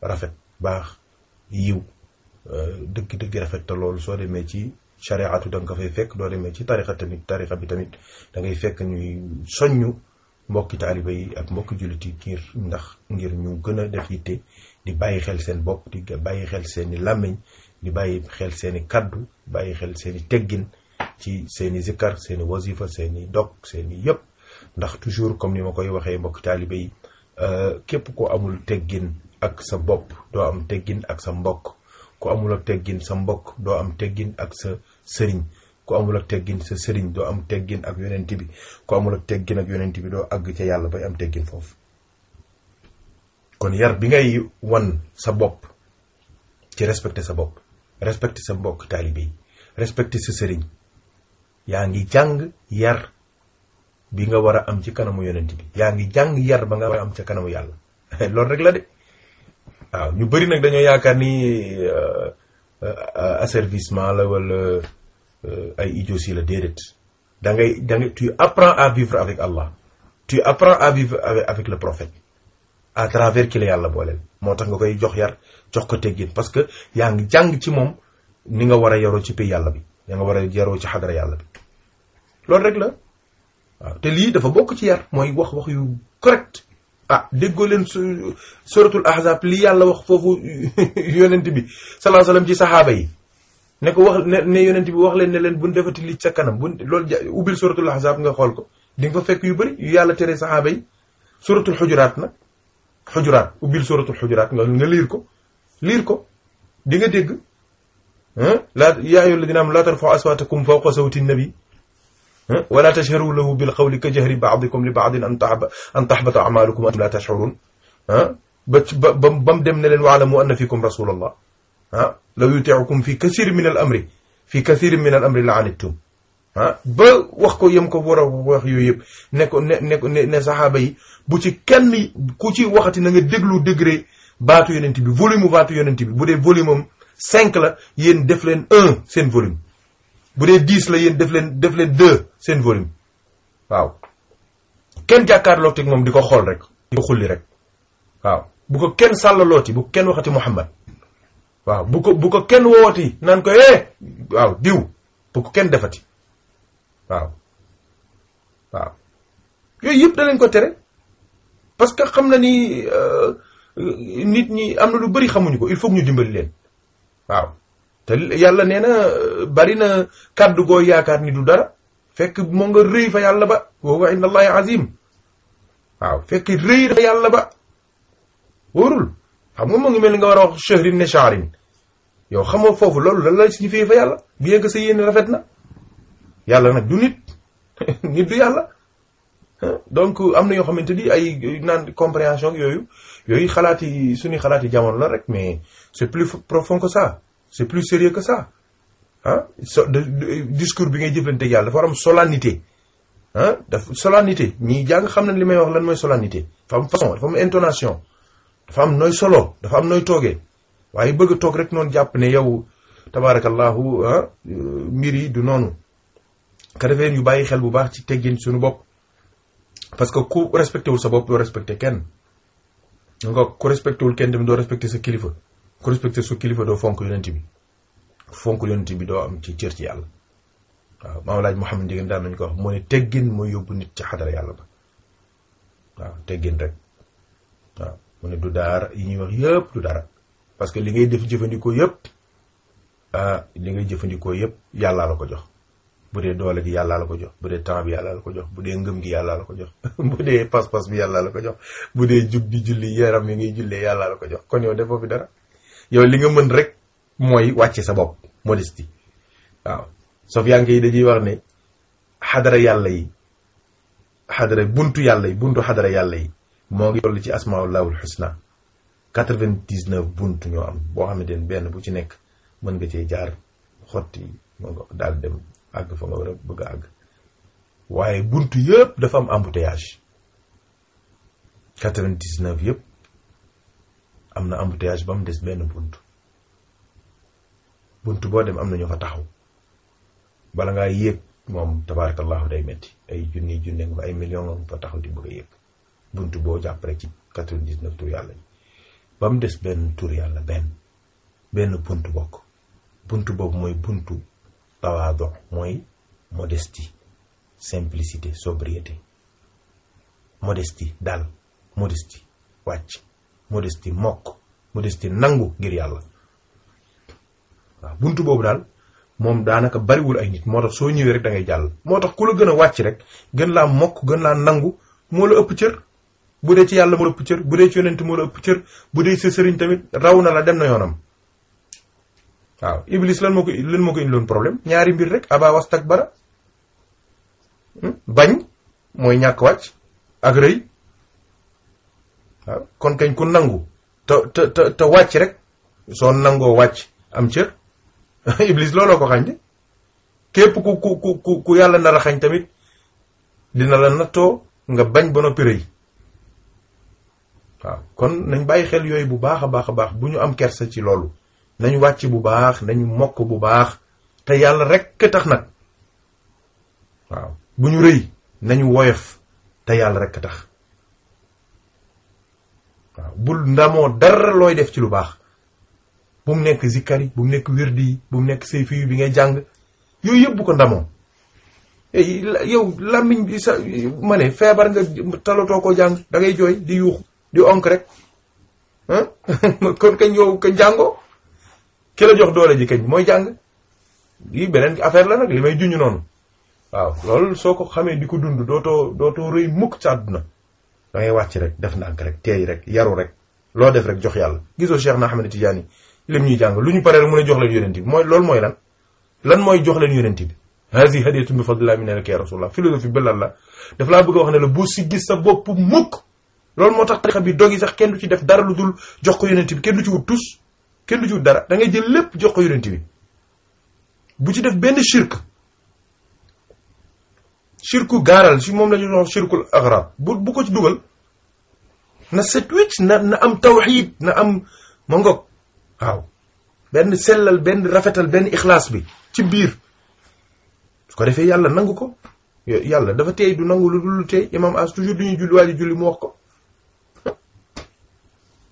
rafet baax yiw euh, dëgg-dëgg rafet te loolu soo demee ci chariatu da nga fekk doo demee ci tarixa tamit tarixa bi tamit dangay ngay fekk ñuy soññu mbokki taaliba yi ak mbokki jullit yi ndax ngir ñu gën a def yitte di bàyyi xel seen bopp di bàyyi xel seeni làmmiñ di bàyyi xel seeni kaddu bàyyi xel seeni teggin ci seeni zikkar seeni wasifa seeni dog seeni yëpp ndax toujours comme ni ma koy waxee mbokki taaliba yi euh, képp ko amul teggin ak sa bopp doo am teggin ak sa mbokk ku amul ak teggin sa mbokk doo am teggin ak sa sëriñ ku amul sa sëriñ doo am teggin ak yonent bi ku amul ak teggin ak yonent bi àgg ca yàlla bay am teggin foofu kon yar bi ngay wan sa bopp ci respecté sa bopp respecte sa mbokk taalibe yi respecté sa sëriñ yaa ngi jàng yar bi nga war a am ci kanamu yonent bi yaa ngi jàng yar ba nga war a am ca kanamu yàlla loolu rek la de waaw ñu bëri nag dañoo yaakaar ni euh, euh, a servicement la wala euh, ay idiotie la déedéet da ngay da ngay tu apprends à vivre avec Allah tu apprends à vivre avec le prophète à travers ki la yàlla booleel moo tax nga koy jox yar jox ko teggin parce que yaa ngi jàng ci moom ni nga war a yaroo ci pays yàlla bi yaa nga war a yaroo ci xadara yàlla bi loolu rek la te lii dafa bokk ci yar mooy wax wax yu correct ah déggoo leen su suratul ahzab li yàlla wax foofu yonent bi sallallahu alayhi wasallam ci saxaaba yi ne ko wax ne ne yonent bi wax leen ne leen buñ defati li ca kanam buñ loolu ja ubbil suratul ahzab nga xool ko di nga fa fekk yu bëri yu yàlla tere saxaaba yi suratul xujuraat nag xujuraat ubbil suratul xujuraat nga nga liir ko liir ko di nga dégg la yaa ayyuhal ladina am la tarfa'u aswatakum fawqa sawti nabi wala tashharu lahu bil qawli ka jahri ba'dikum li ba'din an tahba an tahbata a'malukum la tash'urun ah ba ba ba mu dem ne leen wa'lamu anna fikum rasulullah ah law yuti'ukum fi kathirin min al amri fi kathirin min al amri la'anittum ah ba wax ko yem ko war a wax yooyu yëpp ne ko ne ne ne ne saxaaba yi bu ci kenn ku ci waxati na nga déglu degré baatu yonent bi volume baatu yonent bi bu dee volume am cinq la yéen def leen un seen volume bu dee dix la yéen def leen def leen deux seen volume waaw kenn jàkkaarloog teg moom di ko xool rek di ko xulli rek waaw bu ko kenn sàllalooti bu kenn waxati Muhammad waaw bu ko bu ko kenn wooti naan ko eh waaw diw bu ko kenn defati waaw waaw yooyu yëpp da ko tere parce que xam na ni euh, nit ñi am na lu bari xamuñu ko il faut ñu dimbali leen waaw te yàlla nee na bari na kàddu goo yaakaar ni du dara fekk moo nga rëy fa yàlla ba wa huwa inda allahi azim waaw fekk rëy fa yàlla ba wóorul xam nga moo ngi mel ni nga war a wax shahrin ne shahrin yow xamoo foofu loolu lan la signifie fa yàlla bien que sa yéene rafet na yàlla nag du nit nit du yàlla donc am na yoo xamante ni ay naan compréhension yooyu yooyu xalaati suñu xalaati jamono la rek mais c'est plus profond que ça c'est plus sérieux que sa ah so discours bi ngay jëflante yàlla dafa war am solennité ah dafa solennité ñii jàng xam na li may wax lan mooy solennité dafa am façon dafa am intonation dafa am nooy solo dafa am nooy toogee waaye bëgg a toog rek noonu jàpp ne yow tabaarakallahu ah mbir yi du noonu ka defee ñu bàyyi xel bu baax ci teggin suñu bopp parce que ku respecté wul sa bopp doo respecté kenn nga ku respecté wul kenn dem doo respecté sa kilifa ku respecté su kilifa doo fonk yonent bi fonk yonent bi doo am ci cër ci yàlla waaw maam laaj Mouhamed Ndieguene daan nañu ko wax moo ne teggin mooy yóbbu nit ci xadara yàlla ba waaw teggin rek waaw mu ne du daara yi ñu wax yëpp du dara parce que li ngay def jëfandikoo yëpp ah li ngay jëfandikoo yëpp yàlla la ko jox bu dee yàllaa la ko jox bu dee temps bi yàllaa la ko jox bu dee ngëm gi yàllaa la ko jox bu dee pas-pas bi yàllaa la ko jox bu dee jub di julli yaram yi ngay jullee yàllaa la ko jox kon yow defoo fi dara yow li nga mën rek mooy wàcce sa bopp modestie waaw sofyanke yi dañuy wax ne xadara yàlla yi xadara buntu yàlla yi buntu xadara yàlla yi moo ngi toll ci asmaullahul xusna quatre-vingt-dix-neuf buntu ñoo am boo xamante ne benn bu ci nekk mën nga cee jaar xotti mën nga daal dem àgg fa nga war a bëgg a àgg waaye buntu yëpp dafa am embouteillage quatre vingt yëpp am na embouteillage ba mu des benn bunt bunt boo dem am na ñu fa taxaw bala ngaa yéeg moom tabarakallahu day metti ay junni junne nga fa ay million nga fa taxaw di bëgg a yéeg bunt boo jàpp rek ci quatre-vingt-dix-neuf tur yàlla ba mu des benn tur yàlla benn benn bunt bokk bunt boobu mooy buntu tawaado mooy modestie simplicité sobriété modestie dal modestie wàcc modestie mokk modestie nangu ngir yàlla waaw bunt boobu daal moom daanaka bariwul ay nit moo tax soo ñëwee rek da ngay jàll moo tax ku la gën a wàcc rek gën laa mokk gën laa nangu moo la ëpp cër bu dee ci yàlla moo la ëpp cër bu dee ci yonent moo la ëpp cër bu dee ci sëriñ tamit raw na la dem na yoonam waaw iblis lan moo ko lan moo ko indiloon problème ñaari mbir rek aba wastakbara hmm? bañ mooy ñàkk wàcc ak rëy waaw kon kañ ku nangu te te te wàcc rek soo nangoo wàcc am cër iblis looloo ko xañ de képp ku ku ku ku yàlla nar a tamit dina la nattoo nga bañ ba noppi rëy waaw kon nañ bàyyi xel yooyu bu baax a baax a baax bu ñu am kersa ci loolu nañ wàcc bu baax nañ mokk bu baax te yàlla rekk tax nag waaw bu ñu rëy nañu woyof te yàlla rek tax waaw bul ndamoo dara looy def ci lu baax bu mu nekk zikkar yi bu mu nekk wirdi yi bu mu nekk sayfi yu bi ngay jàng yooyu yëpp bu ko ndamoo eh, yow làmmiñ bi feebar nga talatoo ko jàng da jooy di yuux di onk rek ah kon kañ yow kañ jàngoo ki la jox doole ji kañ mooy jàng lii beneen affaire la nag li may juñu noonu waaw loolu soo ko xamee di ko dund dootoo dooto rëy mukk ci àdduna da ngay wàcc rek def ndànk rek teey rek yaru rek loo def rek jox yàlla gisoo Cheikh na Ahmed Tidiane lim ñuy jàng lu ñu paree rek mën a jox leen yonent bi mooy loolu mooy lan lan mooy jox leen yonent bi hasi hadiyatun bi fadlillah min alaka ya rasulullah philosophie belal la daf laa bëgg a wax ne la bu si gis sa bopp mukk loolu moo tax tarixa bi dogi sax kenn du ci def dara lu dul jox ko yonent bi kenn du ci wut tus kenn du ci wut dara da ngay jël lépp jox ko yonent bi bu ci def benn shirk shirku gaaral si moom la ñuy wax shirkul agra bu bu ko ci dugal na set wecc na na am tawxiid na am ma ngoog waaw benn sellal benn rafetal benn ixlaas bi ci biir su ko defee yàlla nangu ko yàlla dafa tey du nangu lu dul tey imam as toujours du ñuy julli waa ji julli mu wax ko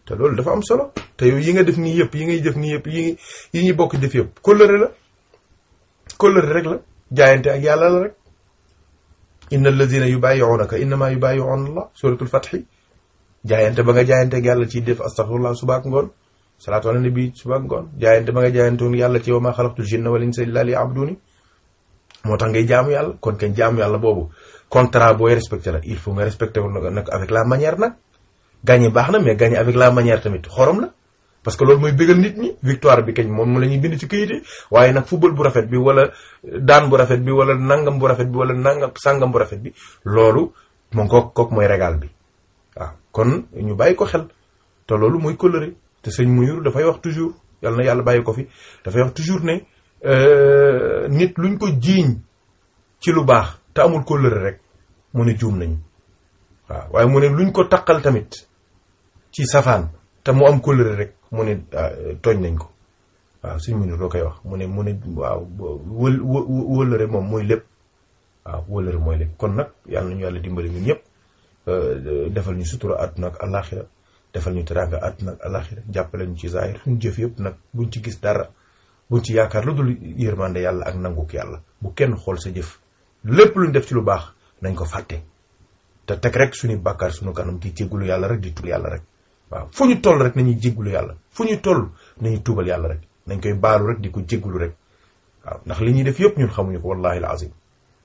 te loolu dafa am solo te yow yi nga def nii yëpp yi ngay def nii yëpp yi yi ñuy bokk def yëpp kóllëre la kóllëre rek la jaayante ak yàlla la rek inna alladina yubaayi'unaka innama yubaayi'una allah suratul fatxi jaayante ba nga jaayanteeg yàlla ci def astaghfirullah subaak ngoon salaatu ala nabi subaak ngoon jaayante ba nga jaayantoon yàlla ci wa ma xalaqtul jinna wal insa illa li abduni moo tax ngay jaamu yàlla kon kañ jaamu yàlla boobu contrat booy respecté la il faut nga respecté ko nag avec la manière nag gagné baax na mais gagné avec la manière tamit xorom la parce que loolu mooy bégal nit ñi victoire bi kañ moom la ñuy bind ci këyit yi waaye nag football bu rafet bi wala daan bu rafet bi wala nangam bu rafet bi wala nangam sangam bu rafet bi loolu moom kook kook mooy régal bi waaw kon ñu bàyyi ko xel te loolu mooy coloré te sëñ Mounirou dafay wax toujours yal na yàlla bàyyi ko fi dafay wax toujours ne euh, nit luñ ko jiiñ ci lu baax te amul coloré rek mu ne juum nañu waaw waaye mu ne luñ ko taqal tamit ci safaan te mu am mu ne ah, tooñ nañ ko waaw suñ mu ne koy wax mu ne mu ne waaw wël wëlëre moom mooy lépp waaw wëlëre mooy lépp kon nag yàlla nañu yàlla dimbali yëpp ñëpp euh, defal ñu sutura àdduna ak àllaaxira defal ñu teraanga àdduna ak àllaaxira jàppale ñu ci zaahir suñu jëf yëpp nag bu ñu ci gis dara buñ ci yaakaar lu dul yërmande yàlla ak nanguk yàlla bu kenn xool sa jëf lépp luñ def ci lu baax nañ ko fàtte te teg rek suñu bàkkaar suñu kanam di jéggulu yàlla rek di yàlla waaw fu ñu toll rek nañuy jéggulu yàlla fu ñu toll nañuy tuubal yàlla rek nañ koy baalu rek di ko jéggulu rek waaw ndax li ñuy def yëpp ñun xamuñu ko wallahi alazim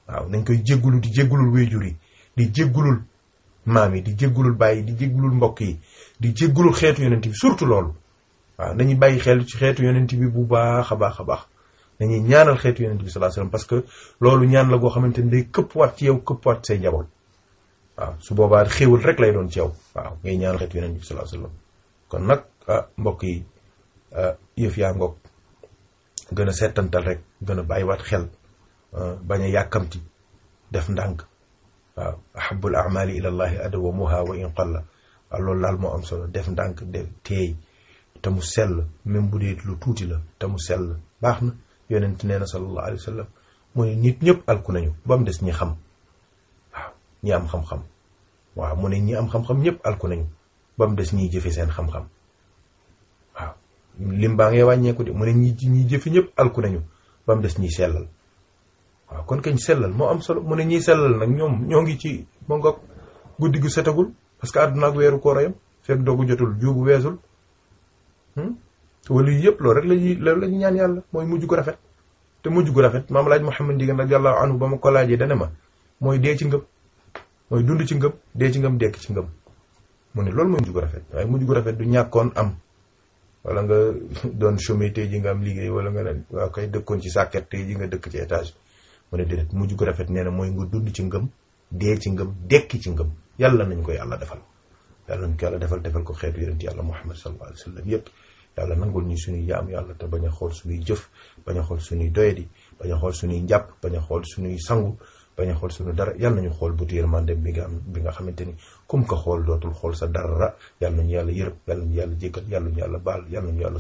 waaw nañ koy jéggulu di jéggulul wéyjur yi di jéggulul maam yi di jéggulul bàyyi di mbokk yi di jéggulul xeetu yonent bi surtout loolu waaw nañu bàyyi xel ci xeetu yonent bi bu baax a baax a baax nañuy ñaanal xeetu yonent bi sallallahu parce que loolu ñaan la goo xamante ni day këppwaat ci yow këppwaat say njaboot waaw su boobaa xéwul rek lay doon ci yow waaw ngay ñaanal xeet yeneen bi sallallahu alayhi kon nag ah, mbokk yi ah, yëf yaa ngoog gën a seetantal rek gën a bàyyiwaat xel ah, bañ a yàkkamti def ndànk waaw ahabul amali ila llahi adawamuha wa in qalla waaw loolu daal moo am solo def ndànk def teey te mu sell même bu dee lu tuuti la te mu sell baax na yonent nee na sallallahu alayhi wasallam mooy nit ñëpp alku nañu ba mu des ñi xam ñi am xam-xam waaw mu ne ñi am xam-xam ñëpp alku nañu ba mu des ñiy jëfe seen xam-xam waaw lim baa ngay wàññeeku de mu ne ñi ñiy jëfe ñëpp alku nañu ba mu des ñiy sellal waaw kon kañ sellal moo am solo mu ne ñiy sellal nag ñoom ñoo ngi ci ba guddi gu setagul parce que àdduna ak weeru koor a yam fekk doogu jotul juubu weesul hmm? wala yëpp loolu rek la ñu loolu la ñuy ñaan yàlla mooy mujj gu rafet te mujj gu rafet maam laaj Mouhamed Ndieguène radiyallahu anhu ba ma ko mooy dund ci ngëm dee ci ngëm dekk ci ngëm mu ne loolu mooy mujj gu rafet waaye mujj gu rafet du ñàkkoon am walla nga doon chômé tey ji nga am liggéey wala nga ne waaw kay dëkkoon ci sàkket tey ji nga dëkk ci étage mu ne déedéet mujj ko rafet nee na mooy nga dund ci ngëm dee ci ngëm dekki ci ngëm yàlla nañ ko yàlla defal yàlla nañ ko yàlla defal defal ko xeetu yonent yàlla Muhammad sallallahu alayhi wa sallam yépp yàlla nangul ñu suñuy yaam yàlla te bañ a xool suñuy jëf bañ a suñuy doyadi bañ a xool suñuy njàpp bañ xool suñuy sangu bañ xool suñu dara yàlla nañu xool butu yërmandem bi nga nga xamante ni comme que xool dootul xool sa dara yàlla nañu yàlla yërëm yàlla nañu yàlla jéggal yàlla nañu yàlla baal yàlla nañu yàlla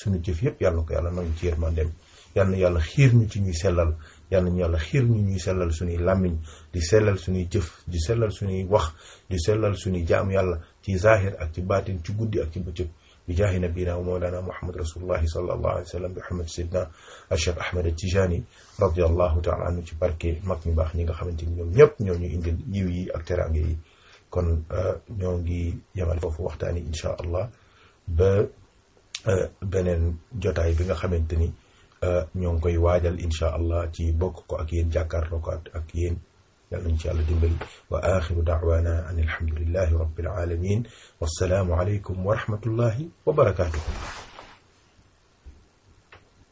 suñu jëf yëpp yàlla ko yàlla nañu ci yërmandem yàlla na yàlla xiir ñu ci ñuy sellal yàlla ñu yàlla xiir ñu ñuy sellal suñuy làmmiñ di sellal suñuy jëf di sellal suñuy wax di sellal suñuy jaam yàlla ci zahir ak ci baatin ci guddi ak ci bëccëg bi jaahi nabina wa mawlana muhammad rasulullahi sallallahu alayhi wa sallam bi ahmad sidna cheikh ahmad tijani radiallahu taala anhu ci barke mak ñu baax ñi nga xamante ni ñoom ñëpp ñoo ñu indil yiw yi ak teraange yi kon euh, ñoo ngi yemal foofu waxtaan yi incha allah ba euh, beneen jotaay bi nga xamante ni euh, ñoo ngi koy waajal incha allah ci bokk ko ak yéen jàkkaarloo ak yéen yàlla nañ ci yàlla dimbali wa axiru daawaana an alhamdulillahi rabbil alamin wassalaamu aleykum wa rahmatullahi wa barakaatuhu